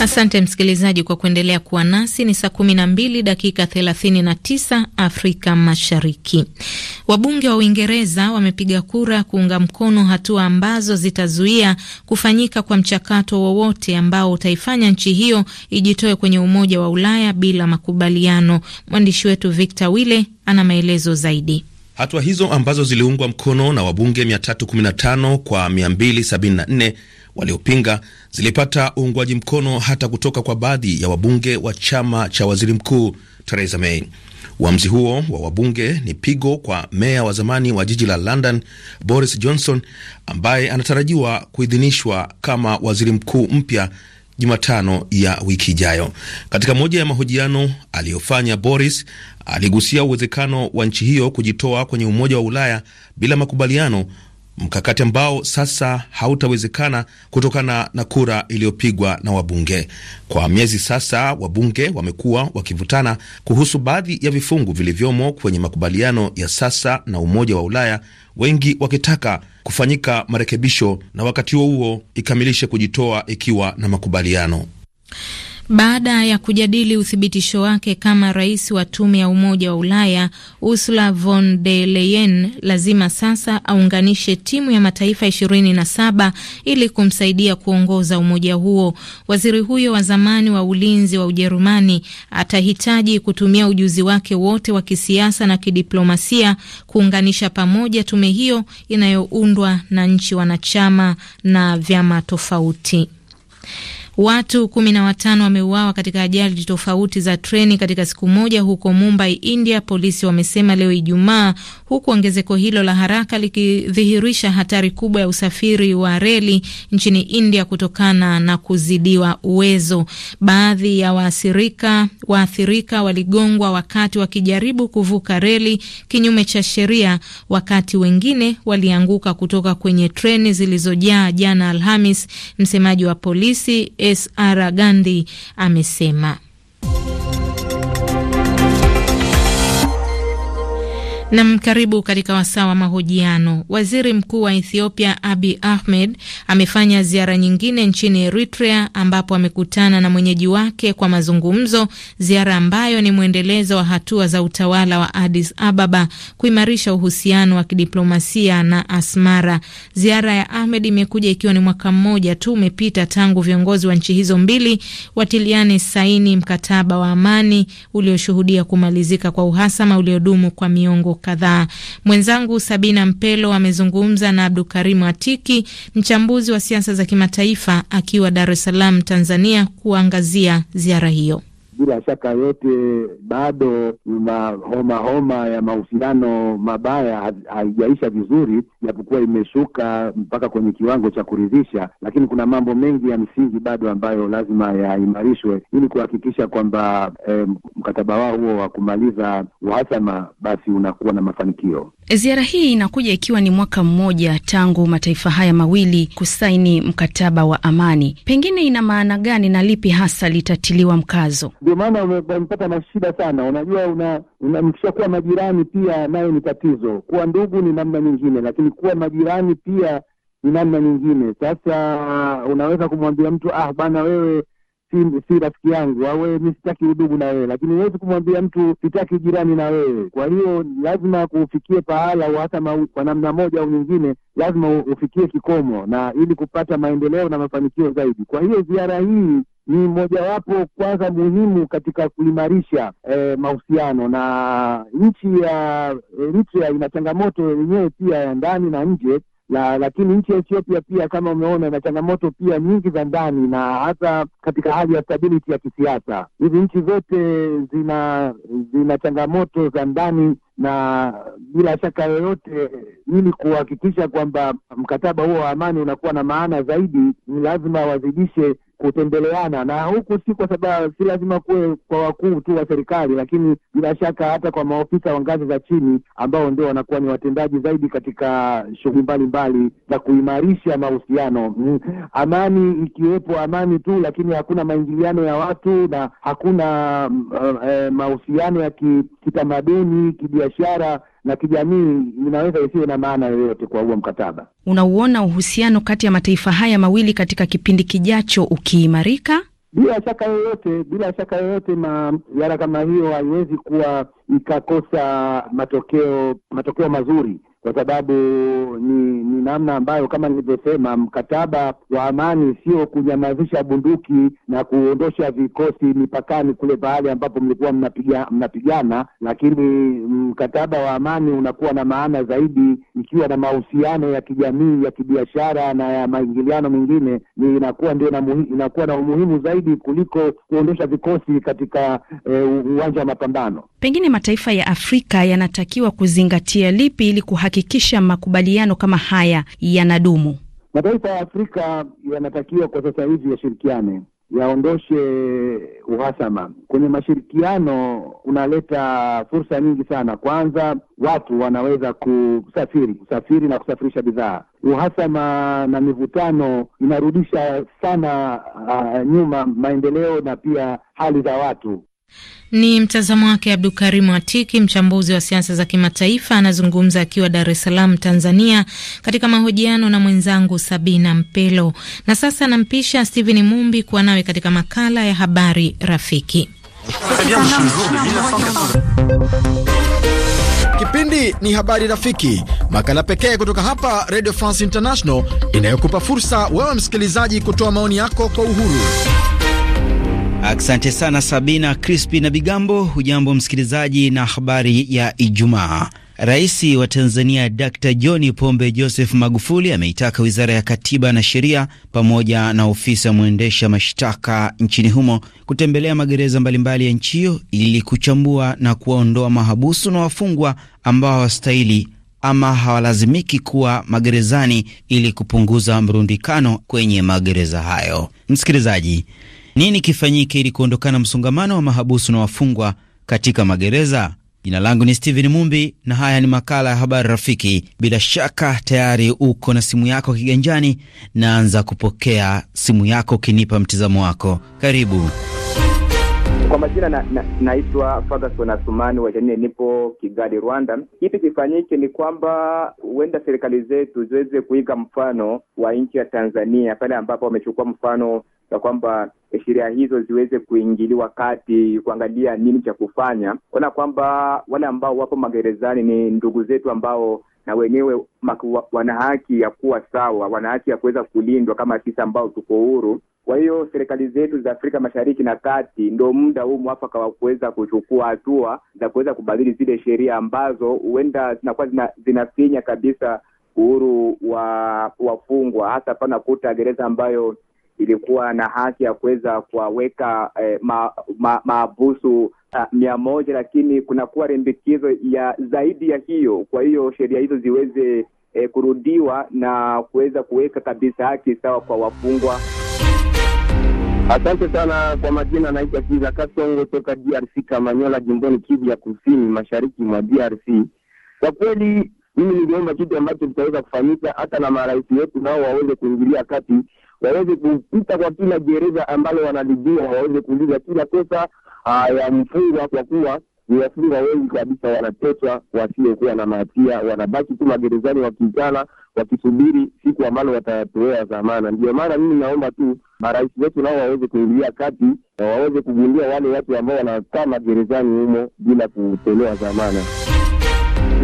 Asante msikilizaji kwa kuendelea kuwa nasi. Ni saa mbili dakika 39 Afrika Mashariki. Wabunge wa Uingereza wamepiga kura kuunga mkono hatua ambazo zitazuia kufanyika kwa mchakato wowote ambao utaifanya nchi hiyo ijitoe kwenye Umoja wa Ulaya bila makubaliano. Mwandishi wetu Victor Wile ana maelezo zaidi. Hatua hizo ambazo ziliungwa mkono na wabunge 315 kwa 274 waliopinga zilipata uungwaji mkono hata kutoka kwa baadhi ya wabunge wa chama cha waziri mkuu Theresa May. Uamuzi huo wa wabunge ni pigo kwa meya wa zamani wa jiji la London Boris Johnson ambaye anatarajiwa kuidhinishwa kama waziri mkuu mpya Jumatano ya wiki ijayo. Katika moja ya mahojiano aliyofanya, Boris aligusia uwezekano wa nchi hiyo kujitoa kwenye Umoja wa Ulaya bila makubaliano, mkakati ambao sasa hautawezekana kutokana na kura iliyopigwa na wabunge. Kwa miezi sasa, wabunge wamekuwa wakivutana kuhusu baadhi ya vifungu vilivyomo kwenye makubaliano ya sasa na Umoja wa Ulaya, wengi wakitaka kufanyika marekebisho na wakati huo huo ikamilishe kujitoa ikiwa na makubaliano baada ya kujadili uthibitisho wake kama rais wa tume ya Umoja wa Ulaya. Ursula von der Leyen lazima sasa aunganishe timu ya mataifa saba ili kumsaidia kuongoza umoja huo. Waziri huyo wa zamani wa ulinzi wa Ujerumani atahitaji kutumia ujuzi wake wote wa kisiasa na kidiplomasia kuunganisha pamoja tume hiyo inayoundwa na nchi wanachama na vyama tofauti. Watu kumi na watano wameuawa katika ajali tofauti za treni katika siku moja huko Mumbai, India, polisi wamesema leo Ijumaa, huku ongezeko hilo la haraka likidhihirisha hatari kubwa ya usafiri wa reli nchini India kutokana na kuzidiwa uwezo. Baadhi ya waathirika waathirika waligongwa wakati wakijaribu kuvuka reli kinyume cha sheria, wakati wengine walianguka kutoka kwenye treni zilizojaa jana Alhamis. Msemaji wa polisi SR Gandhi amesema. Nam, karibu katika wasaa wa mahojiano. Waziri mkuu wa Ethiopia Abi Ahmed amefanya ziara nyingine nchini Eritrea, ambapo amekutana na mwenyeji wake kwa mazungumzo, ziara ambayo ni mwendelezo wa hatua za utawala wa adis Ababa kuimarisha uhusiano wa kidiplomasia na Asmara. Ziara ya Ahmed imekuja ikiwa ni mwaka mmoja tu umepita tangu viongozi wa nchi hizo mbili watiliane saini mkataba wa amani ulioshuhudia kumalizika kwa uhasama uliodumu kwa miongo kadhaa. Mwenzangu Sabina Mpelo amezungumza na abdu karimu Atiki, mchambuzi wa siasa za kimataifa, akiwa Dar es Salaam, Tanzania, kuangazia ziara hiyo. Bila shaka yote bado mahomahoma homa ya mahusiano mabaya haijaisha vizuri, japokuwa imeshuka mpaka kwenye kiwango cha kuridhisha, lakini kuna mambo mengi ya msingi bado ambayo lazima yaimarishwe ili kuhakikisha kwamba e, mkataba wao huo wa kumaliza uhasama basi unakuwa na mafanikio. Ziara hii inakuja ikiwa ni mwaka mmoja tangu mataifa haya mawili kusaini mkataba wa amani. Pengine ina maana gani na lipi hasa litatiliwa mkazo? Ndio maana umepata shida sana. Unajua, una, una mkishakuwa majirani pia nayo ni tatizo. Kuwa ndugu ni namna nyingine, lakini kuwa majirani pia ni namna nyingine. Sasa unaweza kumwambia mtu ah, bana wewe si, si rafiki yangu au wewe mi sitaki udugu na wewe, lakini huwezi kumwambia mtu sitaki jirani na wewe. Kwa hiyo lazima kuufikie pahala au hata kwa namna moja au nyingine, lazima ufikie kikomo, na ili kupata maendeleo na mafanikio zaidi. Kwa hiyo ziara hii ni mojawapo kwanza muhimu katika kuimarisha eh, mahusiano na nchi ya Eritrea. Ina changamoto yenyewe pia ya ndani na nje la, lakini nchi ya Ethiopia pia kama umeona ina changamoto pia nyingi za ndani na hata katika hali ya stability ya kisiasa. Hizi nchi zote zina zina changamoto za ndani na bila shaka yoyote, ili kuhakikisha kwamba mkataba huo wa amani unakuwa na maana zaidi, ni lazima wazidishe kutembeleana, na huku si kwa sababu si lazima kuwe kwa wakuu tu wa serikali, lakini bila shaka hata kwa maofisa wa ngazi za chini ambao ndio wanakuwa ni watendaji zaidi katika shughuli mbalimbali za kuimarisha mahusiano mm. Amani ikiwepo amani tu, lakini hakuna maingiliano ya watu na hakuna uh, uh, mahusiano ya kitamaduni, kibiashara na kijamii inaweza isiwe na maana yoyote kwa huo mkataba. Unauona uhusiano kati ya mataifa haya mawili katika kipindi kijacho ukiimarika? Bila shaka yoyote, bila shaka yoyote, ziara kama hiyo haiwezi kuwa ikakosa matokeo matokeo mazuri kwa sababu ni, ni namna ambayo kama nilivyosema, mkataba wa amani sio kunyamazisha bunduki na kuondosha vikosi mipakani kule pahali ambapo mlikuwa mnapigana, lakini mkataba wa amani unakuwa na maana zaidi ikiwa na mahusiano ya kijamii, ya kibiashara na ya maingiliano mengine, ni inakuwa ndio inakuwa na umuhimu zaidi kuliko kuondosha vikosi katika eh, uwanja wa mapambano. Pengine mataifa ya Afrika yanatakiwa kuzingatia lipi ili kuhakikisha makubaliano kama haya yanadumu? Mataifa ya Afrika yanatakiwa kwa sasa hivi yashirikiane, yaondoshe uhasama kwenye mashirikiano. Unaleta fursa nyingi sana. Kwanza, watu wanaweza kusafiri, kusafiri na kusafirisha bidhaa. Uhasama na mivutano inarudisha sana uh, nyuma maendeleo na pia hali za watu. Ni mtazamo wake abdu karimu Atiki, mchambuzi wa siasa za kimataifa, anazungumza akiwa Dar es Salaam, Tanzania, katika mahojiano na mwenzangu Sabina Mpelo. Na sasa anampisha Stephen Mumbi kuwa nawe katika makala ya Habari Rafiki. Kipindi ni Habari Rafiki, makala pekee kutoka hapa Radio France International inayokupa fursa wewe msikilizaji kutoa maoni yako kwa uhuru. Asante sana Sabina Crispi na Bigambo. Hujambo msikilizaji, na habari ya Ijumaa. Rais wa Tanzania Dr John Pombe Joseph Magufuli ameitaka wizara ya Katiba na Sheria pamoja na ofisi ya mwendesha mashtaka nchini humo kutembelea magereza mbalimbali ya nchi hiyo ili kuchambua na kuwaondoa mahabusu na wafungwa ambao hawastahili ama hawalazimiki kuwa magerezani ili kupunguza mrundikano kwenye magereza hayo. Msikilizaji, nini kifanyike ili kuondokana msongamano wa mahabusu na wafungwa katika magereza? Jina langu ni Steven Mumbi na haya ni makala ya habari rafiki. Bila shaka tayari uko na simu yako kiganjani, naanza kupokea simu yako ukinipa mtizamo wako. Karibu. Kwa majina na, na, naitwa Fagason Asumani nipo Kigali, Rwanda. Kipi kifanyike ni kwamba huenda serikali zetu ziweze kuiga mfano wa nchi ya Tanzania pale ambapo wamechukua mfano ya kwamba sheria hizo ziweze kuingiliwa kati, kuangalia nini cha kufanya, kuona kwamba wale ambao wapo magerezani ni ndugu zetu ambao na wenyewe wana haki ya kuwa sawa, wana haki ya kuweza kulindwa kama sisi ambao tuko huru. Kwa hiyo serikali zetu za Afrika Mashariki na Kati, ndo muda huu mwafaka wa kuweza kuchukua hatua za kuweza kubadili zile sheria ambazo huenda zinakuwa zina, zinafinya kabisa uhuru wa wafungwa, hasa panakuta gereza ambayo ilikuwa na haki ya kuweza kuwaweka eh, maabusu ma, uh, mia moja, lakini kunakuwa rimbikizo ya zaidi ya hiyo. Kwa hiyo sheria hizo ziweze eh, kurudiwa na kuweza kuweka kabisa haki sawa kwa wafungwa. Asante sana kwa majina, naitwa Kiza Kasongo toka DRC Kamanyola, jimboni Kivu ya kusini mashariki mwa DRC. Kwa kweli mimi niliomba kitu ambacho kitaweza kufanyika, hata na marahisi wetu nao waweze kuingilia kati waweze kupita kwa kila gereza ambalo wanalijua, waweze kuuliza kila kosa ah, ya mfungwa, kwa kuwa ni wafungwa wengi kabisa wanatetwa wasiokuwa na maatia wanabaki tu magerezani wakiikala, wakisubiri siku ambalo watatoea dhamana. ndio maana mimi naomba tu marais wetu nao waweze kuingilia kati na waweze kugundia wale watu ambao wanakaa magerezani humo bila kutolewa dhamana.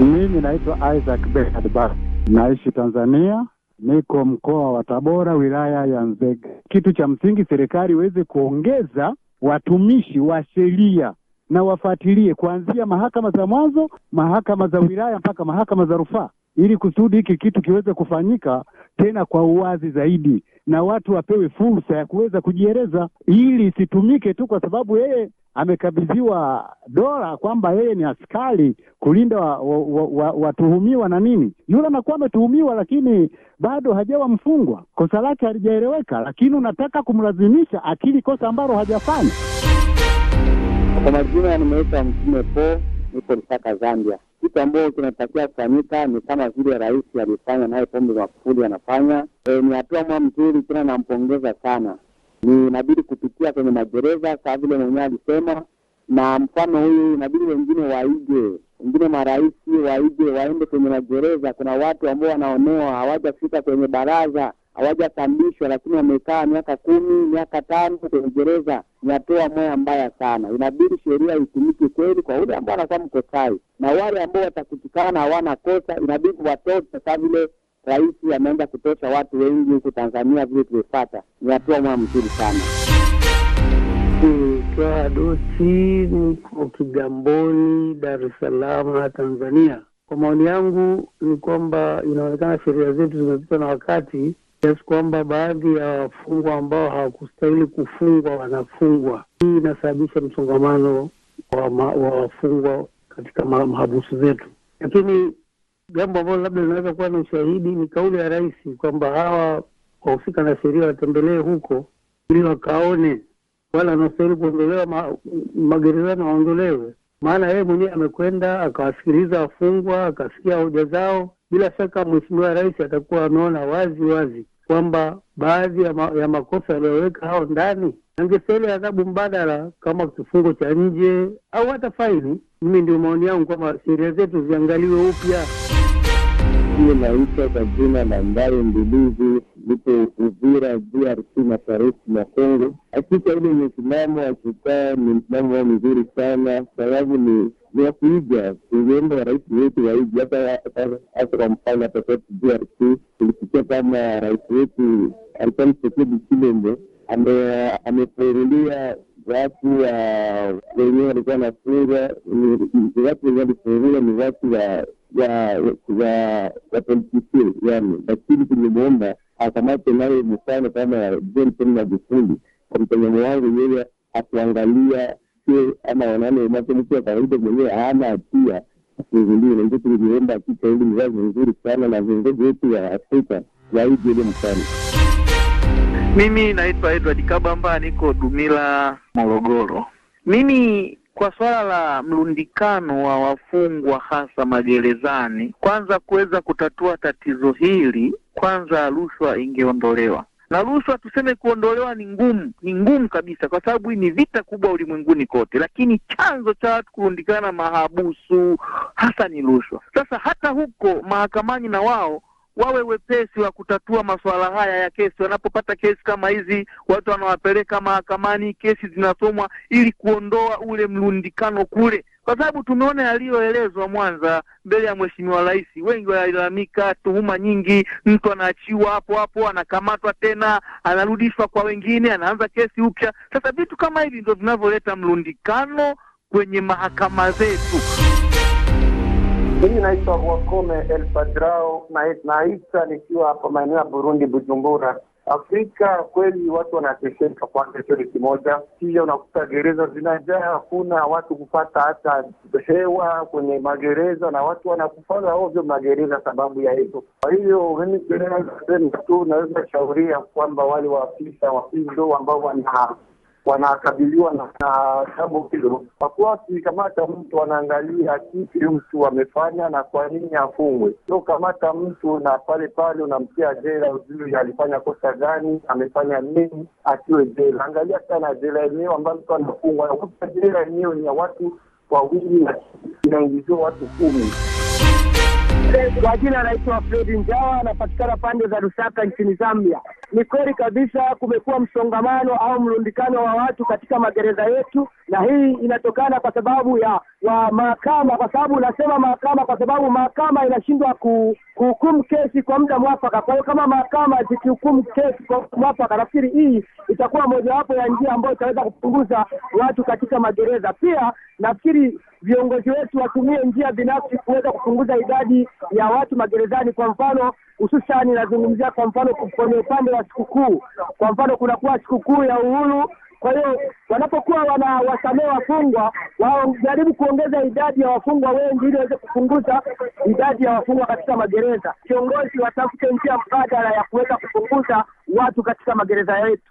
Mimi naitwa Isaac Bernard Bar, naishi Tanzania niko mkoa wa Tabora, wilaya ya Nzega. Kitu cha msingi serikali iweze kuongeza watumishi wa sheria na wafuatilie kuanzia mahakama za mwanzo, mahakama za wilaya mpaka mahakama za rufaa, ili kusudi hiki kitu kiweze kufanyika tena kwa uwazi zaidi, na watu wapewe fursa ya kuweza kujieleza, ili isitumike tu kwa sababu yeye amekabidhiwa dola kwamba yeye ni askari kulinda watuhumiwa wa, wa, wa na nini. Yule anakuwa ametuhumiwa, lakini bado hajawa mfungwa, kosa lake halijaeleweka, lakini unataka kumlazimisha akili kosa ambalo hajafanya. Kwa majina nimeita Mtume Po, niko Lusaka, Zambia. Kitu ambayo kinatakiwa kufanyika ni kama vile rais alifanya naye Pombe Magufuli anafanya. E, ni hatua mwa mzuri, tena nampongeza sana ni inabidi kupitia kwenye magereza kama vile mwenyewe alisema, na mfano huyu inabidi wengine waige, wengine marais waige, waende kwenye magereza. Kuna watu ambao wanaonewa hawajafika kwenye baraza hawajatambishwa, lakini wamekaa miaka kumi miaka tano kwenye gereza. Inatoa moya mbaya sana. Inabidi sheria itumike kweli kwa ule ambao anakuwa mkosai, na wale ambao watakutikana hawana kosa inabidi watoke kama vile rais ameanza kutosha watu wengi huku Tanzania, vile tumefuata ni hatua mwa mzuri sana. Niitwa Dosi, niko Kigamboni, Dar es Salaam, Tanzania. Kwa maoni yangu ni kwamba inaonekana sheria zetu zimepitwa na wakati kiasi kwamba baadhi ya wafungwa ambao hawakustahili kufungwa wanafungwa. Hii inasababisha msongamano wa wafungwa katika mahabusu zetu, lakini jambo ambalo labda linaweza kuwa na ushahidi ni kauli ya rais kwamba hawa wahusika na sheria watembelee huko ili wakaone wala wanaostahili kuondolewa ma, magerezani waondolewe. Maana yeye mwenyewe amekwenda akawasikiliza wafungwa, akasikia hoja zao. Bila shaka Mheshimiwa Rais atakuwa ameona wazi wazi kwamba baadhi ya, ma, ya makosa yaliyoweka hao ndani angesele adhabu mbadala kama kifungo cha nje au hata faini. Mimi ndio maoni yangu kwamba sheria zetu ziangaliwe upya. Hiyo naitwa kwa jina la Mbayo Mbilizi, lipo Uvira, DRC, mashariki mwa Kongo. Hakika ile misimamo ya kitaa ni msimamo mzuri sana, sababu ni vya kuiga uzembe wa rais wetu wa nchi. Hata kwa mfano, hata DRC tulisikia kama rais wetu alikuwa Tshisekedi Tshilombo amefungulia watu wenyewe walikuwa na funga, watu wenyewe walifungula ni watu wa politisie, yani lakini tulimwomba akamate naye mfano kama Johnson Magufuli, kwa mtazamo wangu yeye akuangalia mke ama wanane nake mke akawaida mwenyewe hana hatia zingine ndio tulienda kicha ili mzazi mzuri sana na viongozi wetu wa Afrika zaidi ile mfano. Mimi naitwa Edward Kabamba, niko Dumila, Morogoro. Mimi kwa swala la mlundikano wa wafungwa hasa magerezani, kwanza kuweza kutatua tatizo hili, kwanza rushwa ingeondolewa na rushwa tuseme kuondolewa ni ngumu, ni ngumu kabisa, kwa sababu hii ni vita kubwa ulimwenguni kote, lakini chanzo cha watu kurundikana mahabusu hasa ni rushwa. Sasa hata huko mahakamani na wao wawe wepesi wa kutatua masuala haya ya kesi. Wanapopata kesi kama hizi, watu wanawapeleka mahakamani, kesi zinasomwa ili kuondoa ule mlundikano kule, kwa sababu tumeona yaliyoelezwa Mwanza mbele ya mheshimiwa rais. Wengi wanalalamika tuhuma nyingi, mtu anaachiwa hapo hapo, anakamatwa tena, anarudishwa kwa wengine, anaanza kesi upya. Sasa vitu kama hivi ndo vinavyoleta mlundikano kwenye mahakama zetu. Mimi naitwa Wakome El Padrao, naita nikiwa hapa maeneo ya Burundi, Bujumbura. Afrika kweli watu wanateseka. Kwanza hicho ni kimoja, pia unakuta gereza zinajaa, hakuna watu kupata hata hewa kwenye magereza, na watu wanakufanya ovyo magereza sababu ya hizo. Kwa hiyo mimi tu naweza shauria kwamba wale waafisa wapindo ambao wana wanakabiliwa na jambo hilo, kwa kuwa mtu wanaangalia kipi mtu amefanya na kwa nini afungwe. Sio kamata mtu na pale pale unamtia jela, ujui alifanya kosa gani, amefanya nini akiwe jela. Angalia sana jela yenyewe ambayo mtu anafungwa, nakuta jela yenyewe ni ya watu wawili, inaingiziwa watu kumi. Kwa jina anaitwa Fredi Njawa, anapatikana pande za Lusaka nchini Zambia. Ni kweli kabisa kumekuwa msongamano au mlundikano wa watu katika magereza yetu, na hii inatokana kwa sababu ya wa mahakama, kwa sababu unasema mahakama kwa sababu mahakama inashindwa kuhukumu kesi kwa muda mwafaka. Kwa hiyo kama mahakama zikihukumu kesi kwa muda mwafaka, nafikiri hii itakuwa mojawapo ya njia ambayo itaweza kupunguza watu katika magereza. Pia nafikiri viongozi wetu watumie njia binafsi kuweza kupunguza idadi ya watu magerezani. Kwa mfano hususani nazungumzia kwa mfano kwenye upande wa sikukuu, kwa mfano kunakuwa sikukuu ya uhuru kwa hiyo wanapokuwa wana wasamehe wafungwa wajaribu kuongeza idadi ya wafungwa wengi ili waweze kupunguza idadi ya wafungwa katika magereza. kiongozi watafute njia mbadala ya kuweza kupunguza watu katika magereza yetu.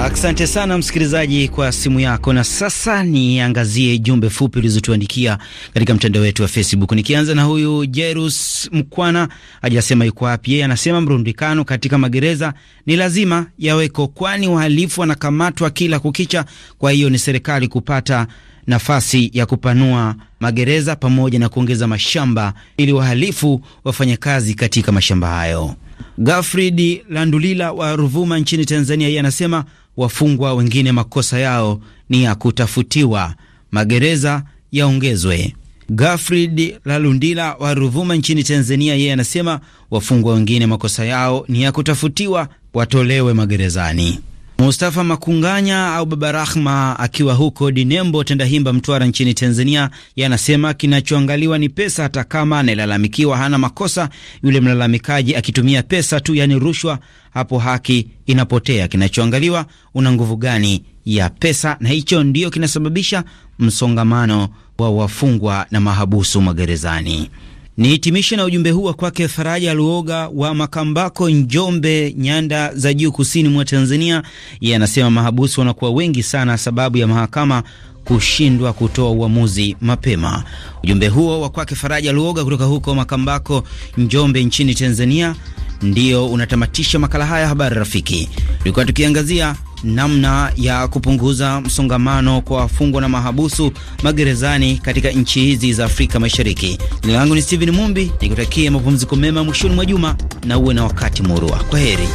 Asante sana msikilizaji kwa simu yako, na sasa niangazie jumbe fupi ulizotuandikia katika mtandao wetu wa Facebook, nikianza na huyu Jerus Mkwana, hajasema yuko wapi yeye. Anasema mrundikano katika magereza ni lazima yaweko, kwani wahalifu wanakamatwa kila kukicha. Kwa hiyo ni serikali kupata nafasi ya kupanua magereza pamoja na kuongeza mashamba ili wahalifu wafanye kazi katika mashamba hayo. Gafridi Landulila wa Ruvuma nchini Tanzania, yeye anasema wafungwa wengine makosa yao ni ya kutafutiwa, magereza yaongezwe. Gafrid Lalundila wa Ruvuma nchini Tanzania, yeye anasema wafungwa wengine makosa yao ni ya kutafutiwa, watolewe magerezani. Mustafa Makunganya au Baba Rahma akiwa huko Dinembo himba Mtwara nchini Tanzania, yanasema kinachoangaliwa ni pesa, hata kama anayelalamikiwa hana makosa. Yule mlalamikaji akitumia pesa tu, yaani rushwa, hapo haki inapotea. Kinachoangaliwa una nguvu gani ya pesa, na hicho ndiyo kinasababisha msongamano wa wafungwa na mahabusu magerezani. Nihitimishe na ujumbe huu wa kwake Faraja Luoga wa Makambako, Njombe, nyanda za juu kusini mwa Tanzania. Yeye anasema mahabusu wanakuwa wengi sana sababu ya mahakama kushindwa kutoa uamuzi mapema. Ujumbe huo wa kwake Faraja Luoga kutoka huko Makambako, Njombe, nchini Tanzania, ndio unatamatisha makala haya habari rafiki. Tulikuwa tukiangazia namna ya kupunguza msongamano kwa wafungwa na mahabusu magerezani katika nchi hizi za Afrika Mashariki. Jina langu ni Steven Mumbi, nikutakie mapumziko mema mwishoni mwa juma na uwe na wakati murua. Kwa heri.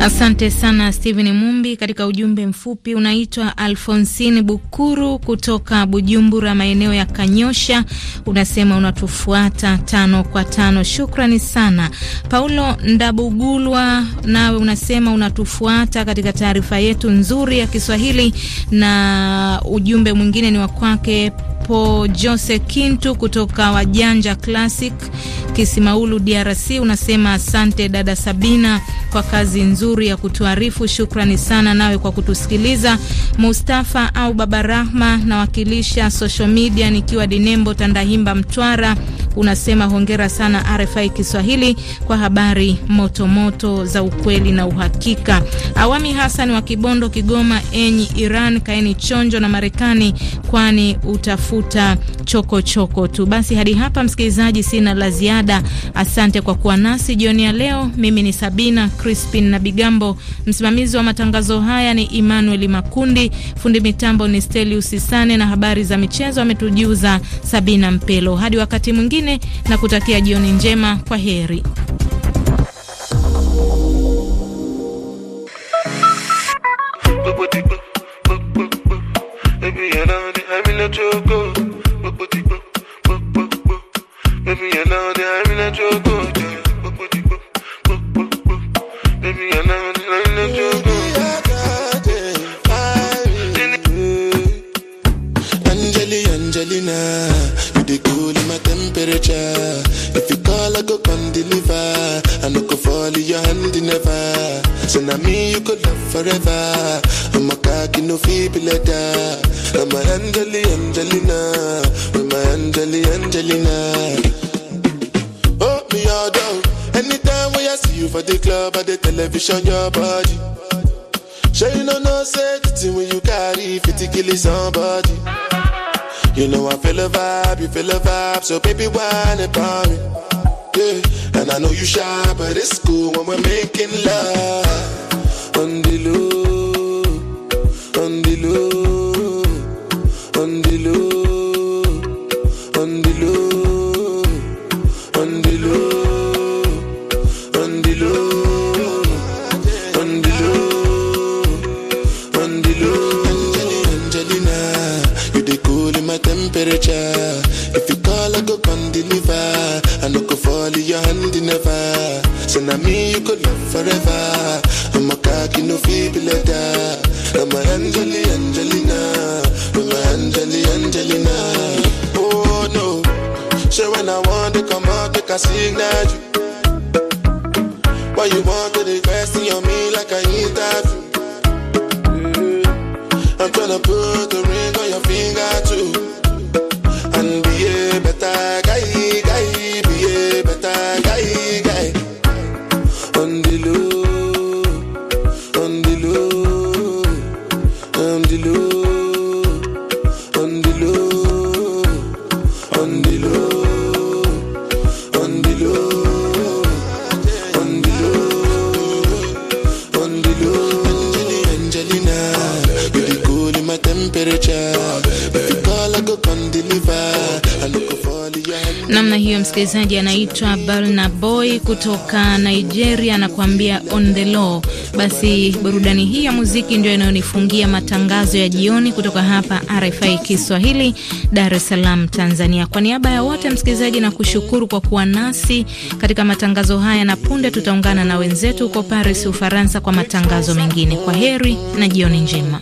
Asante sana Steven Mumbi. Katika ujumbe mfupi unaitwa Alfonsine Bukuru kutoka Bujumbura, maeneo ya Kanyosha, unasema unatufuata tano kwa tano. Shukrani sana. Paulo Ndabugulwa nawe unasema unatufuata katika taarifa yetu nzuri ya Kiswahili, na ujumbe mwingine ni wa kwake Jose Kintu kutoka Wajanja Classic Kisimaulu DRC unasema asante dada Sabina kwa kazi nzuri ya kutuarifu. Shukrani sana nawe kwa kutusikiliza. Mustafa au Baba Rahma nawakilisha social media nikiwa Dinembo Tandahimba, Mtwara unasema hongera sana RFI Kiswahili kwa habari motomoto moto za ukweli na uhakika. Awami Hassan wa Kibondo, Kigoma, enyi Iran, kaeni chonjo na Marekani, kwani utafuta chokochoko choko tu. Basi hadi hapa, msikilizaji, sina la ziada. Asante kwa kuwa nasi jioni ya leo. Mimi ni Sabina Crispin na Bigambo, msimamizi wa matangazo haya ni Emmanuel Makundi, fundi mitambo ni Stelius Sane, na habari za michezo ametujuza Sabina Mpelo. Hadi wakati mwingine nyingine na kutakia jioni njema. Kwa heri. kutoka Nigeria na kuambia on the law. Basi burudani hii ya muziki ndio inayonifungia matangazo ya jioni kutoka hapa RFI Kiswahili, Dar es Salaam, Tanzania. Kwa niaba ya wote msikilizaji, na kushukuru kwa kuwa nasi katika matangazo haya, na punde tutaungana na wenzetu huko Paris, Ufaransa, kwa matangazo mengine. Kwa heri na jioni njema.